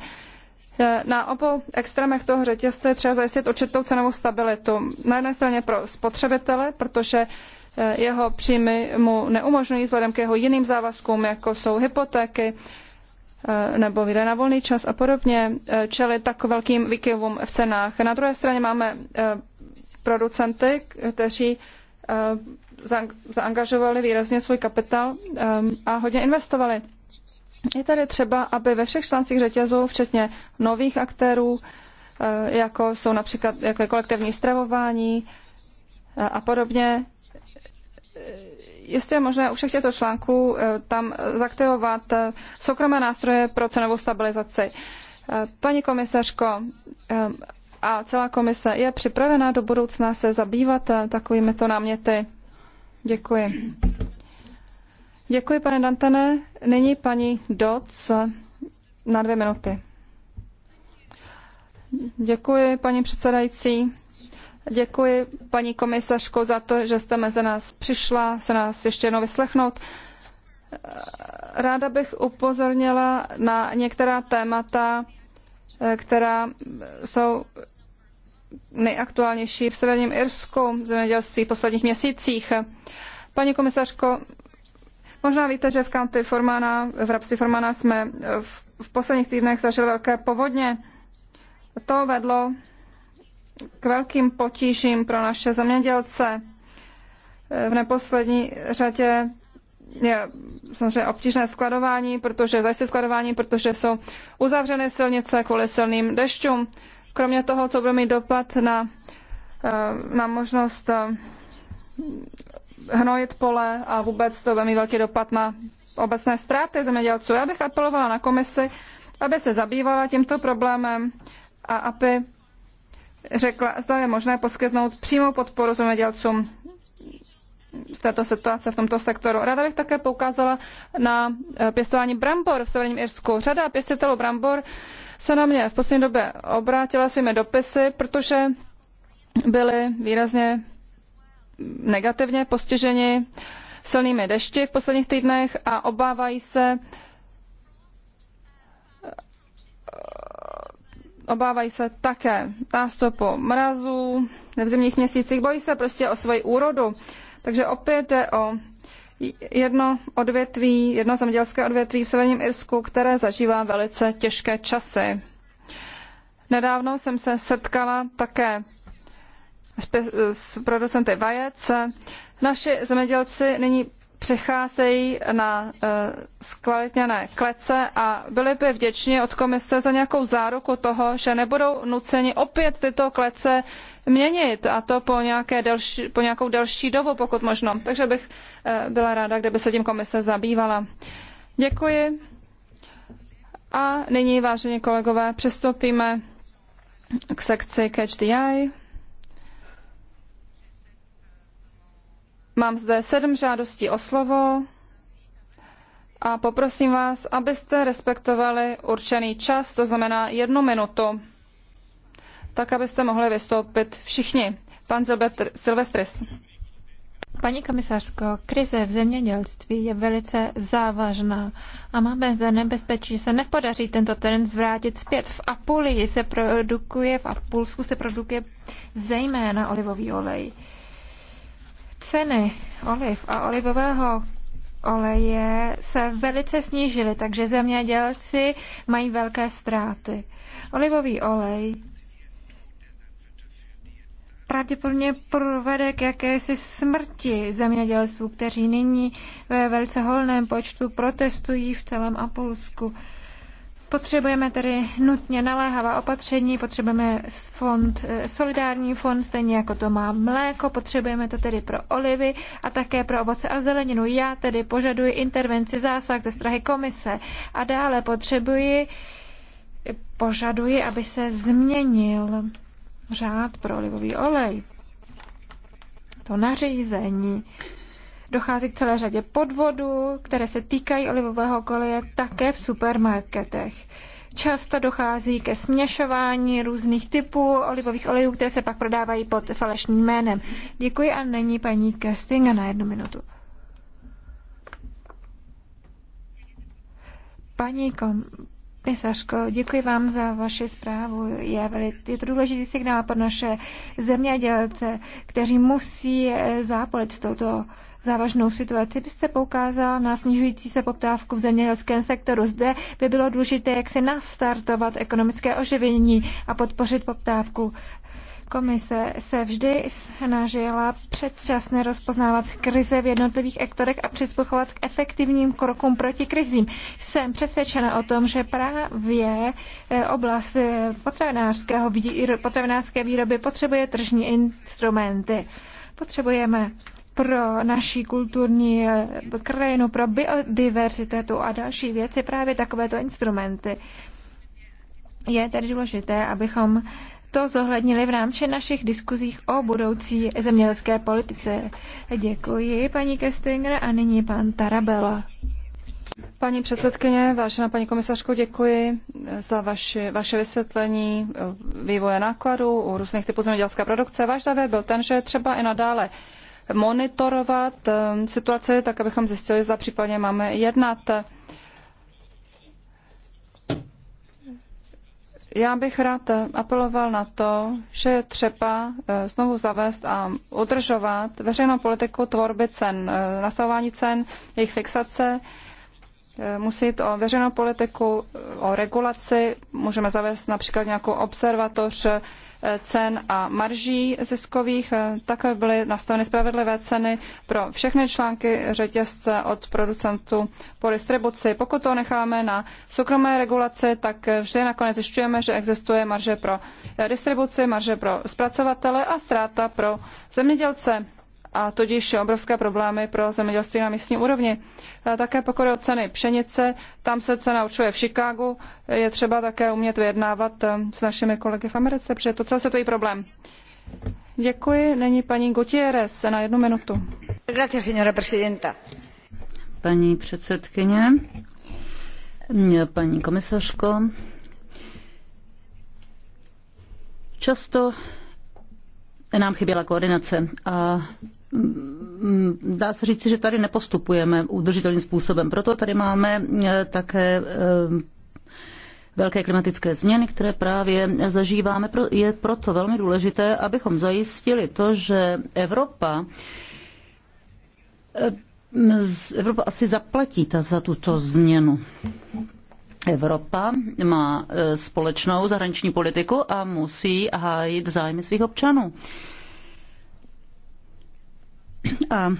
A: na obou extrémech toho řetězce je třeba zajistit určitou cenovou stabilitu. Na jedné straně pro spotřebitele, protože Eh, jeho příjmy mu neumožňují vzhledem k jeho jiným závazkům, jako jsou hypotéky eh, nebo vyjde na volný čas a podobně, eh, čelit tak velkým výkyvům v cenách. Na druhé straně máme producenty, kteří zaangažovali výrazně svůj kapitál a hodně investovali. Je tady třeba, aby ve všech článcích řetězů, včetně nových aktérů, jako jsou například jako kolektivní stravování a podobně, Eh, jistě možné u všech těchto článků eh, tam eh, zaktivovat soukromé nástroje pro cenovou stabilizaci. Paní komisařko a celá komise je připravena do budoucna se zabývat takovýmito náměty. Děkuji. Děkuji, pane Dantane. Nyní paní Doc na dvě minuty. Děkuji, paní předsedající. Děkuji paní komisařko za to, že jste mezi nás přišla se nás ještě jednou vyslechnout. Ráda bych upozornila na některá témata, která jsou nejaktuálnější v severním Irsku v zemědělství v posledních měsících. Paní komisařko, možná víte, že v County Formana, v Rapsi Formana jsme v, v posledních týdnech zažili velké povodně. To vedlo k velkým potížím pro naše zemědělce. V neposlední řadě je samozřejmě obtížné skladování, protože zajistit skladování, protože jsou uzavřené silnice kvůli silným dešťům. Kromě toho to bude mít dopad na, eh, na možnost eh, hnojit pole a vůbec to bude mít velký dopad na obecné ztráty zemědělců. Já bych apelovala na komisi, aby se zabývala tímto problémem a aby řekla, zda je možné poskytnout přímou podporu zemědělcům v této situaci v tomto sektoru. Ráda bych také poukázala na eh, pěstování brambor v Severním Irsku. Řada pěstitelů brambor se na mě v poslední době obrátila svými dopisy, protože byly výrazně negativně postiženi silnými dešti v posledních týdnech a obávají se obávají se také nástupu mrazů v zimních měsících, bojí se prostě o svoji úrodu. Takže opět jde o jedno odvětví, jedno zemědělské odvětví v Severním Irsku, které zažívá velice těžké časy. Nedávno jsem se setkala také s producenty vajec. Naši zemědělci nyní přecházejí na eh, zkvalitněné klece a byli by vděční od komise za nějakou záruku toho, že nebudou nuceni opět tyto klece měnit a to po, nějaké delší, po nějakou delší dobu, pokud možno. Takže bych eh, byla ráda, kdyby se tím komise zabývala. Děkuji. A nyní, vážení kolegové, přistoupíme k sekci Catch the Eye. Mám zde sedm žádostí o slovo a poprosím vás, abyste respektovali určený čas, to znamená jednu minutu, tak abyste mohli vystoupit všichni. Pan Silvestris. Paní komisařko,
C: krize v zemědělství je velice závažná a máme zde nebezpečí, že se nepodaří tento trend zvrátit zpět. V Apulii se produkuje, v Apulsku se produkuje zejména olivový olej. Ceny oliv a olivového oleje se velice snížily, takže zemědělci mají velké ztráty. Olivový olej pravděpodobně provede k jakési smrti zemědělců, kteří nyní ve velice holném počtu protestují v celém Apolsku. Potřebujeme tedy nutně naléhavá opatření, potřebujeme fond, eh, solidární fond, stejně jako to má mléko, potřebujeme to tedy pro olivy a také pro ovoce a zeleninu. Já tedy požaduji intervenci zásah ze strany komise a dále potřebuji, požaduji, aby se změnil řád pro olivový olej. To nařízení Dochází k celé řadě podvodů, které se týkají olivového koleje také v supermarketech. Často dochází ke směšování různých typů olivových olejů, které se pak prodávají pod falešným jménem. Děkuji a není paní Kerstinga na jednu minutu. Paní Komisařko, děkuji vám za vaši zprávu. Je, velit, je to důležitý signál pro naše zemědělce, kteří musí eh, zápolit s touto závažnou situaci byste poukázal na snižující se poptávku v zemědělském sektoru. Zde by bylo důležité, jak se nastartovat ekonomické oživení a podpořit poptávku. Komise se vždy snažila předčasně rozpoznávat krize v jednotlivých ektorech a přizpůsobovat k efektivním krokům proti krizím. Jsem přesvědčena o tom, že právě eh, oblast eh, potravinářského, potravinářské výroby potřebuje tržní instrumenty. Potřebujeme pro naší kulturní eh, krajinu, pro biodiverzitu a další věci, právě takovéto instrumenty. Je tedy důležité, abychom to zohlednili v rámci našich diskuzích o budoucí zemědělské politice. Děkuji, paní
A: Kestinger, a nyní pan Tarabela. Paní předsedkyně, vážená paní komisařko, děkuji za vaše, vaše vysvětlení vývoje nákladů u různých typů zemědělské produkce. Váš závěr byl ten, že třeba i nadále monitorovat ehm, situaci, tak abychom zjistili, zda případně máme jednat. Já bych rád apeloval na to, že je třeba eh, znovu zavést a udržovat veřejnou politiku tvorby cen, eh, nastavování cen, jejich fixace, Musí jít o veřejnou politiku, o regulaci, můžeme zavést například nějakou observatoř eh, cen a marží ziskových, eh, tak aby byly nastaveny spravedlivé ceny pro všechny články řetězce od producentů po distribuci. Pokud to necháme na soukromé regulaci, tak vždy nakonec zjišťujeme, že existuje marže pro eh, distribuci, marže pro zpracovatele a ztráta pro zemědělce a tudíž obrovské problémy pro zemědělství na místní úrovni. Také pokud je o ceny pšenice, tam se cena určuje v Chicagu, je třeba také umět vyjednávat eh, s našimi kolegy v Americe, protože je to celosvětový problém. Děkuji. Není paní Gutierrez na jednu minutu. presidenta.
B: Paní předsedkyně, paní komisařko, často nám chyběla koordinace a Mm, dá se říci, že tady nepostupujeme udržitelným způsobem. Proto tady máme eh, také eh, velké klimatické změny, které právě zažíváme. Je proto velmi důležité, abychom zajistili to, že Evropa eh, Evropa asi zaplatí ta za tuto změnu. Evropa má společnou zahraniční politiku a musí hájit zájmy svých občanů. A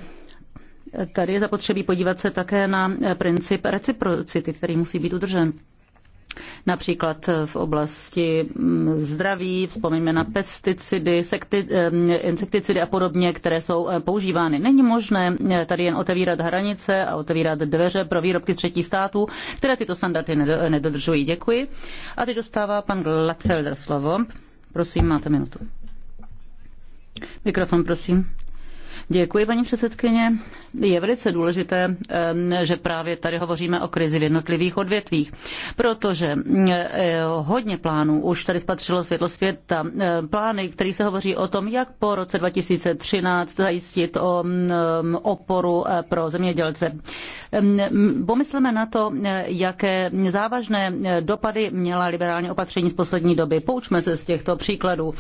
B: tady je zapotřebí podívat se také na princip reciprocity, který musí být udržen. Například v oblasti mm, zdraví, vzpomeňme na pesticidy, sekti, eh, insekticidy a podobně, které jsou eh, používány. Není možné eh, tady jen otevírat hranice a otevírat dveře pro výrobky z třetí států, které tyto standardy nedodržují. Děkuji. A teď dostává pan Gladfelder slovo. Prosím, máte minutu. Mikrofon, prosím. Děkuji, paní předsedkyně. Je velice důležité, že právě tady hovoříme o krizi v jednotlivých odvětvích, protože hodně plánů už tady spatřilo světlo světa. Plány, které se hovoří o tom, jak po roce 2013 zajistit o oporu eh, pro zemědělce. Pomysleme na to, eh, jaké závažné eh, dopady měla liberální opatření z poslední doby. Poučme se z těchto příkladů.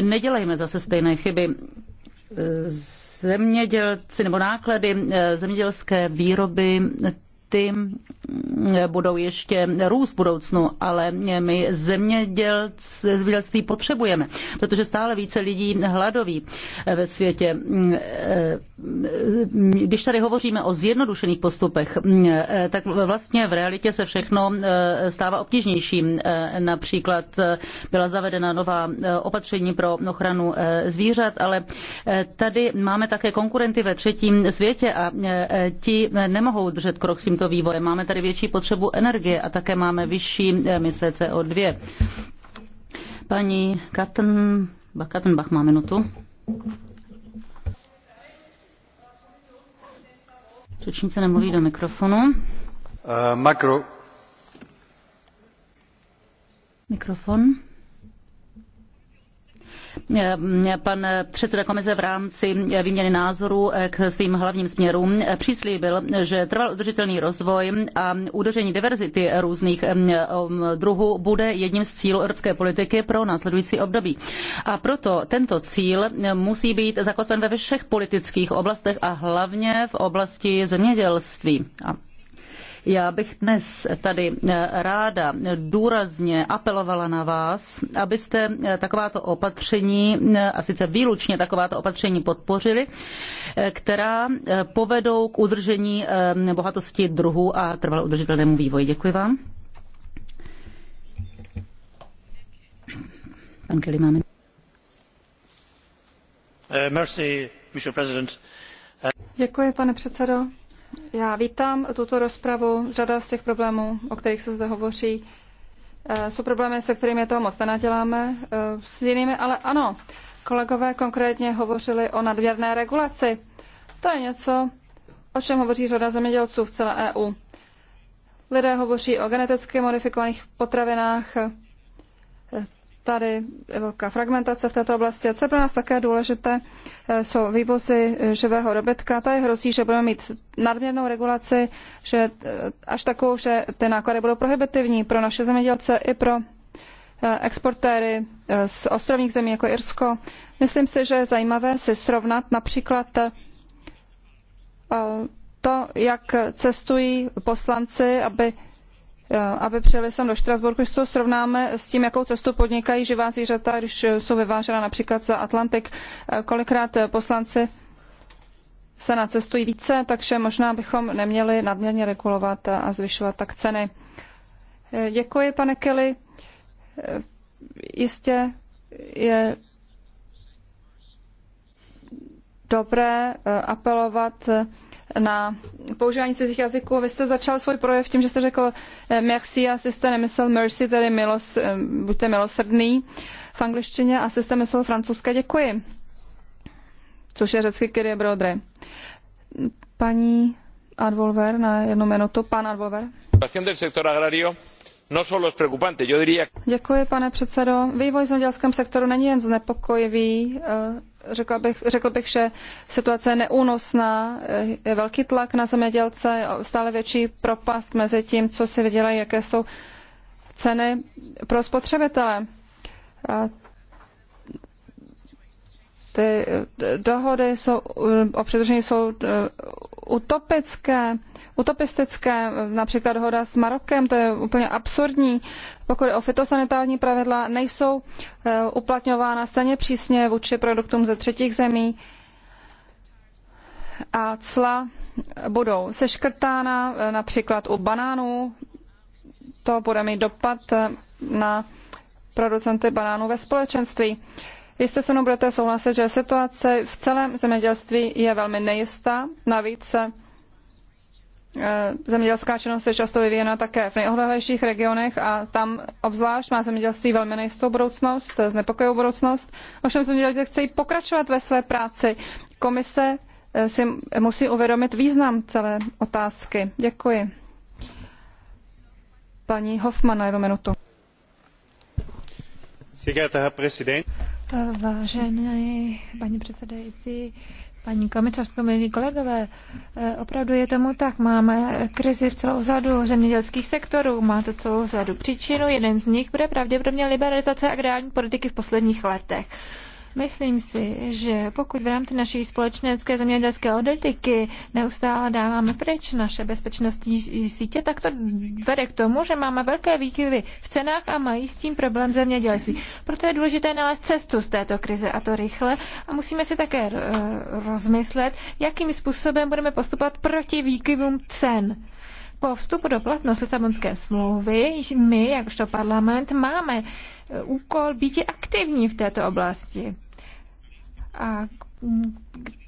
B: Nedělejme zase stejné chyby. Z zemědělci nebo náklady eh, zemědělské výroby ty mm, budou ještě růst v budoucnu, ale my zemědělství potřebujeme, protože stále více lidí hladoví ve světě. Mm, e, když tady hovoříme o zjednodušených postupech, mm, e, tak vlastně v realitě se všechno e, stává obtížnějším. Například byla zavedena nová opatření pro ochranu zvířat, ale tady máme také konkurenty ve třetím světě a ti nemohou držet krok s tím tímto vývojem. Máme tady větší potřebu energie a také máme vyšší emise CO2. Paní Katten, Kattenbach má minutu. Řečnice nemluví do mikrofonu.
A: Uh, makro.
B: Mikrofon pan předseda komise v rámci výměny názorů k svým hlavním směrům přislíbil, že trval udržitelný rozvoj a udržení diverzity různých druhů bude jedním z cílů evropské politiky pro následující období. A proto tento cíl musí být zakotven ve všech politických oblastech a hlavně v oblasti zemědělství. A já bych dnes tady eh, ráda důrazně apelovala na vás, abyste eh, takováto opatření, eh, a sice výlučně takováto opatření podpořili, která povedou k udržení bohatosti druhů a trvale udržitelnému vývoji. Děkuji vám. Pan Kelly, máme.
A: Děkuji, pane předsedo já vítám tuto rozpravu. Řada z těch problémů, o kterých se zde hovoří, eh, jsou problémy, se kterými toho moc nenaděláme, eh, s jinými ale ano. Kolegové konkrétně hovořili o nadměrné regulaci. To je něco, o čem hovoří řada zemědělců v celé EU. Lidé hovoří o geneticky modifikovaných potravinách, tady velká fragmentace v této oblasti. A co je pro nás také důležité, eh, jsou vývozy eh, živého dobytka. Tady hrozí, že budeme mít nadměrnou regulaci, že eh, až takovou, že ty náklady budou prohibitivní pro naše zemědělce i pro exportéry z ostrovních zemí jako Irsko. Myslím si, že je zajímavé si srovnat například to, jak cestují poslanci, aby Eh, aby přijeli sem do Štrasburku, když to srovnáme s tím, jakou cestu podnikají živá zvířata, když eh, jsou vyvážena například za Atlantik. Eh, kolikrát poslanci se nacestují více, takže možná bychom neměli nadměrně regulovat a zvyšovat tak ceny. Děkuji, pane Kelly. Jistě je dobré apelovat na používání cizích jazyků. Vy jste začal svůj projev tím, že jste řekl eh, merci, asi jste nemyslel mercy, tedy milos, eh, buďte milosrdný v angličtině, asi jste myslel francouzské děkuji, což je řecky kyrie brodre. Paní Advolver na jedno jméno, to pan Advolver.
C: del sector agrario No
A: Děkuji, pane předsedající. Vývoj v zemědělském sektoru není jen znepokojivý, eh, řekla řekl bych, že situace je neúnosná, eh, je velký tlak na zemědělce, stále větší propast mezi tím, co si vydělají, jaké jsou ceny pro spotřebitele. Ty eh, dohody jsou, o přidružení jsou utopické, utopistické, například dohoda s Marokem, to je úplně absurdní. Pokud o fitosanitární pravidla, nejsou eh, uplatňována stejně přísně vůči produktům ze třetích zemí a cla budou seškrtána, eh, například u banánů. To bude mít dopad eh, na producenty banánů ve společenství. Jistě se mnou budete souhlasit, že situace v celém zemědělství je velmi nejistá. Navíc eh, zemědělská činnost je často vyvíjena také v nejohlehlejších regionech a tam obzvlášť má zemědělství velmi nejistou budoucnost, znepokojivou budoucnost. Ovšem zemědělci chce pokračovat ve své práci. Komise eh, si musí uvědomit význam celé otázky. Děkuji. Paní Hoffman, na jednu minutu.
C: Vážený paní předsedající, paní komisařko, milí kolegové, eh, opravdu je tomu tak. Máme krizi v celou řadu zemědělských sektorů, má to celou řadu příčinu. Jeden z nich bude pravděpodobně liberalizace agrární politiky v posledních letech. Myslím si, že pokud v rámci naší společenské zemědělské odetiky neustále dáváme pryč naše bezpečnostní sítě, tak to vede k tomu, že máme velké výkyvy v cenách a mají s tím problém zemědělství. Proto je důležité nalézt cestu z této krize a to rychle. A musíme si také eh, rozmyslet, jakým způsobem budeme postupovat proti výkyvům cen. Po vstupu do platnosti Lisabonské smlouvy my, jakožto parlament, máme eh, úkol být aktivní v této oblasti. A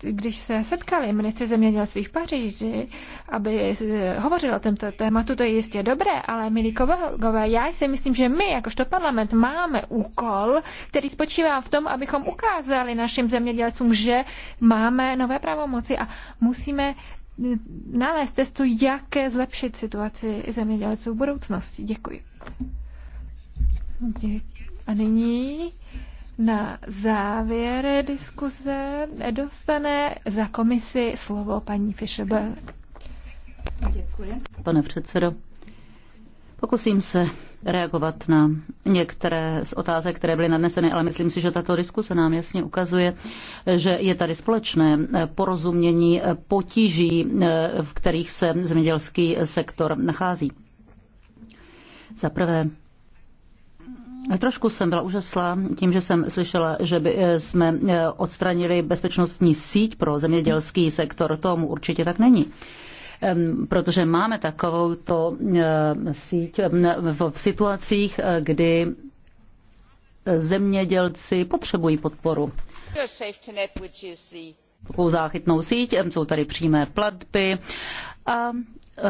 C: když se setkali ministři zemědělství v Paříži, aby hovořili o tomto tématu, to je jistě dobré, ale milí kolegové, já si myslím, že my, jakožto parlament, máme úkol, který spočívá v tom, abychom ukázali našim zemědělcům, že máme nové pravomoci a musíme nalézt cestu, jak zlepšit situaci zemědělců v budoucnosti. Děkuji. Děkuji. A nyní na závěr diskuze dostane za komisi slovo paní Fischebel.
B: Děkuji. Pane předsedo, pokusím se reagovat na některé z otázek, které byly nadneseny, ale myslím si, že tato diskuse nám jasně ukazuje, že je tady společné porozumění potíží, v kterých se zemědělský sektor nachází. Za prvé, Trošku jsem byla úžasla tím, že jsem slyšela, že by eh, jsme eh, odstranili bezpečnostní síť pro zemědělský sektor. Tomu určitě tak není protože máme takovou to síť v situacích, eh, kdy zemědělci potřebují podporu. Takovou záchytnou síť, jsou tady přímé platby a eh,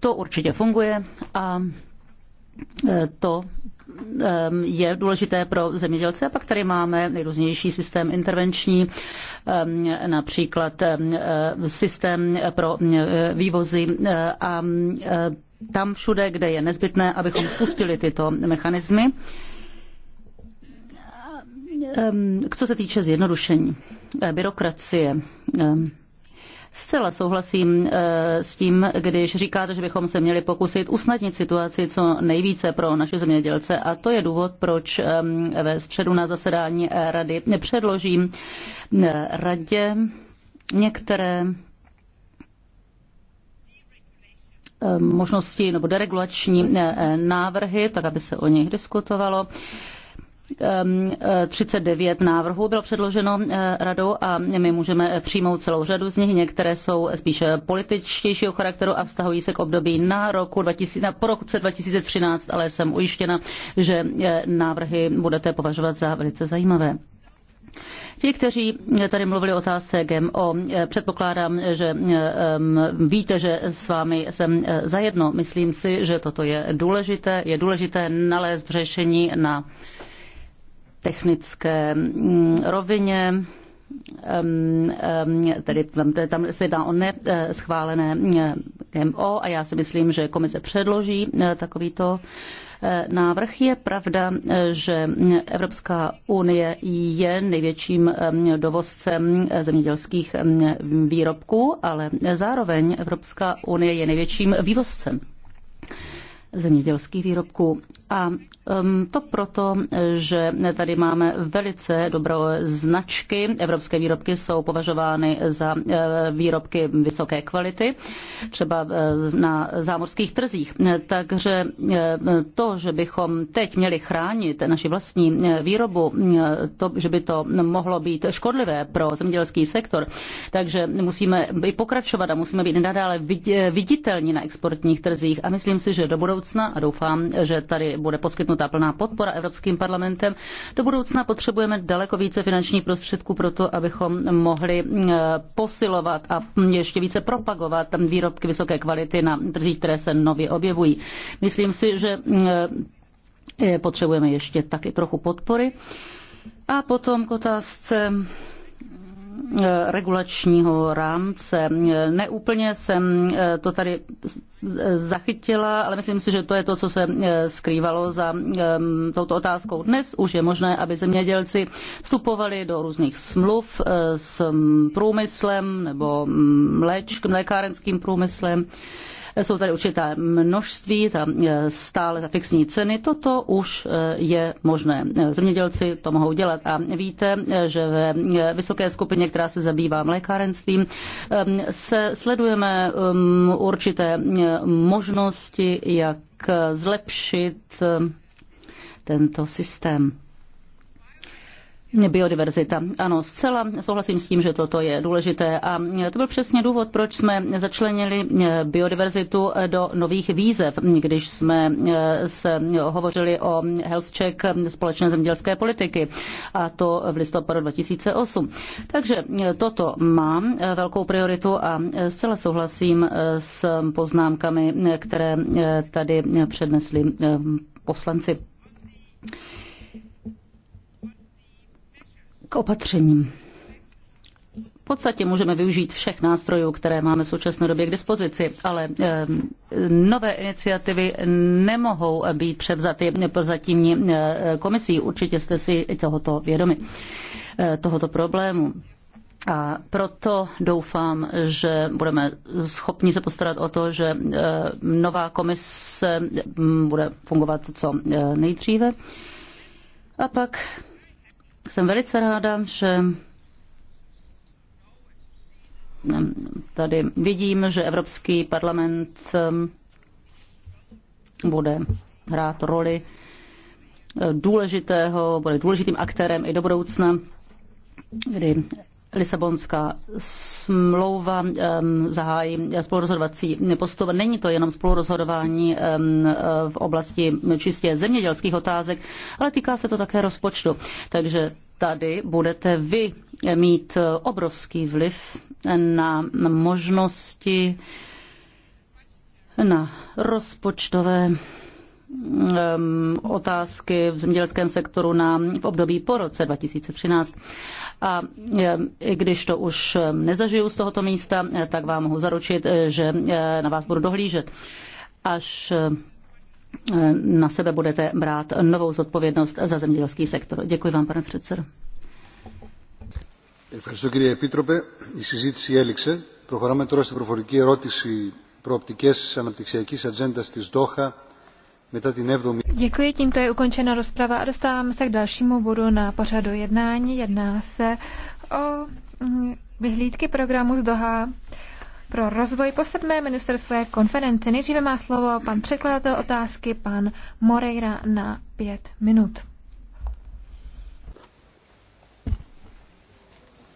B: to určitě funguje a eh, to Ehm, je důležité pro zemědělce. A pak tady máme nejrůznější systém intervenční, ehm, například ehm, e, systém pro e, vývozy e, a tam všude, kde je nezbytné, abychom spustili tyto mechanismy. Co se týče zjednodušení, byrokracie, Zcela souhlasím eh, s tím, když říkáte, že bychom se měli pokusit usnadnit situaci co nejvíce pro naše zemědělce a to je důvod, proč ehm, ve středu na zasedání eh, rady nepředložím eh, radě některé ehm, možnosti nebo deregulační návrhy, tak aby se o nich diskutovalo. 39 ehm, eh, návrhů bylo předloženo eh, radou a my můžeme přijmout celou řadu z nich. Některé jsou spíše političtějšího charakteru a vztahují se k období na roku 2000, po roce 2013, ale jsem ujištěna, že eh, návrhy budete považovat za velice zajímavé. Ti, kteří tady mluvili o otázce GMO, předpokládám, že ehm, víte, že s vámi jsem zajedno. Myslím si, že toto je důležité. Je důležité nalézt řešení na technické mm, rovině tedy tam se jedná o neschválené GMO eh, a já si myslím, že komise předloží eh, takovýto eh, návrh. Je pravda, že Evropská unie je největším dovozcem zemědělských výrobků, ale zároveň Evropská unie je největším vývozcem zemědělských výrobků a um, to proto, že tady máme velice dobré značky. Evropské výrobky jsou považovány za uh, výrobky vysoké kvality, třeba uh, na zámořských trzích. Takže uh, to, že bychom teď měli chránit naši vlastní výrobu, to, že by to mohlo být škodlivé pro zemědělský sektor, takže musíme i pokračovat a musíme být nadále viditelní na exportních trzích. A myslím si, že do budoucna a doufám, že tady bude poskytnuta plná podpora Evropským parlamentem. Do budoucna potřebujeme daleko více finančních prostředků pro to, abychom mohli eh, posilovat a ještě více propagovat výrobky vysoké kvality na trzích, které se nově objevují. Myslím si, že eh, potřebujeme ještě taky trochu podpory. A potom k otázce Eh, regulačního rámce. Neúplně jsem eh, to tady zachytila, ale myslím si, že to je to, co se eh, skrývalo za touto otázkou. Dnes už je možné, aby zemědělci vstupovali do různých smluv s průmyslem nebo mléč, mm, mlékárenským průmyslem. Jsou tady určité množství, ta, e, stále za fixní ceny. Toto už e, je možné. Zemědělci to mohou dělat. A víte, e, že ve vysoké skupině, která se zabývá mlékárenstvím, se sledujeme určité možnosti, jak zlepšit tento systém biodiverzita. Ano, zcela souhlasím s tím, že toto je důležité a to byl přesně důvod, proč jsme začlenili eh, biodiverzitu eh, do nových výzev, když jsme eh, se hovořili o health check společné zemědělské politiky a to v listopadu 2008. Takže toto má velkou prioritu a zcela souhlasím s poznámkami, které tady přednesli poslanci. K opatřením. V podstatě můžeme využít všech nástrojů, které máme v současné době k dispozici, ale eh, nové iniciativy nemohou být převzaty prozatímní eh, komisí. Určitě jste si tohoto vědomi, eh, tohoto problému. A proto doufám, že budeme schopni se postarat o to, že nová komise mm, bude fungovat co nejdříve. A pak jsem velice ráda, že tady vidím, že Evropský parlament bude hrát roli eh, důležitého, bude důležitým aktérem i do budoucna, kdy Lisabonská smlouva zahájí spolurozhodovací postup. Není to jenom spolurozhodování v oblasti čistě zemědělských otázek, ale týká se to také rozpočtu. Takže tady budete vy mít obrovský vliv na možnosti na rozpočtové Ehm, otázky v zemědělském sektoru na, v období po roce 2013. A ehm, i když to už ehm, nezažiju z tohoto místa, eh, tak vám mohu zaručit, eh, že eh, na vás budu dohlížet. Až na sebe budete brát novou zodpovědnost za zemědělský sektor. Děkuji vám, pane předsedo. Ευχαριστώ κύριε Επίτροπε. Η συζήτηση έληξε. Προχωράμε τώρα στην προφορική ερώτηση προοπτικές αναπτυξιακής ατζέντας της Δόχα
C: Děkuji, tímto je ukončena rozprava a dostáváme se k dalšímu bodu na pořadu jednání. Jedná se o mm, vyhlídky programu z Doha pro rozvoj po sedmé ministerstvé konferenci. Nejdříve má slovo pan překladatel otázky, pan Moreira na pět minut.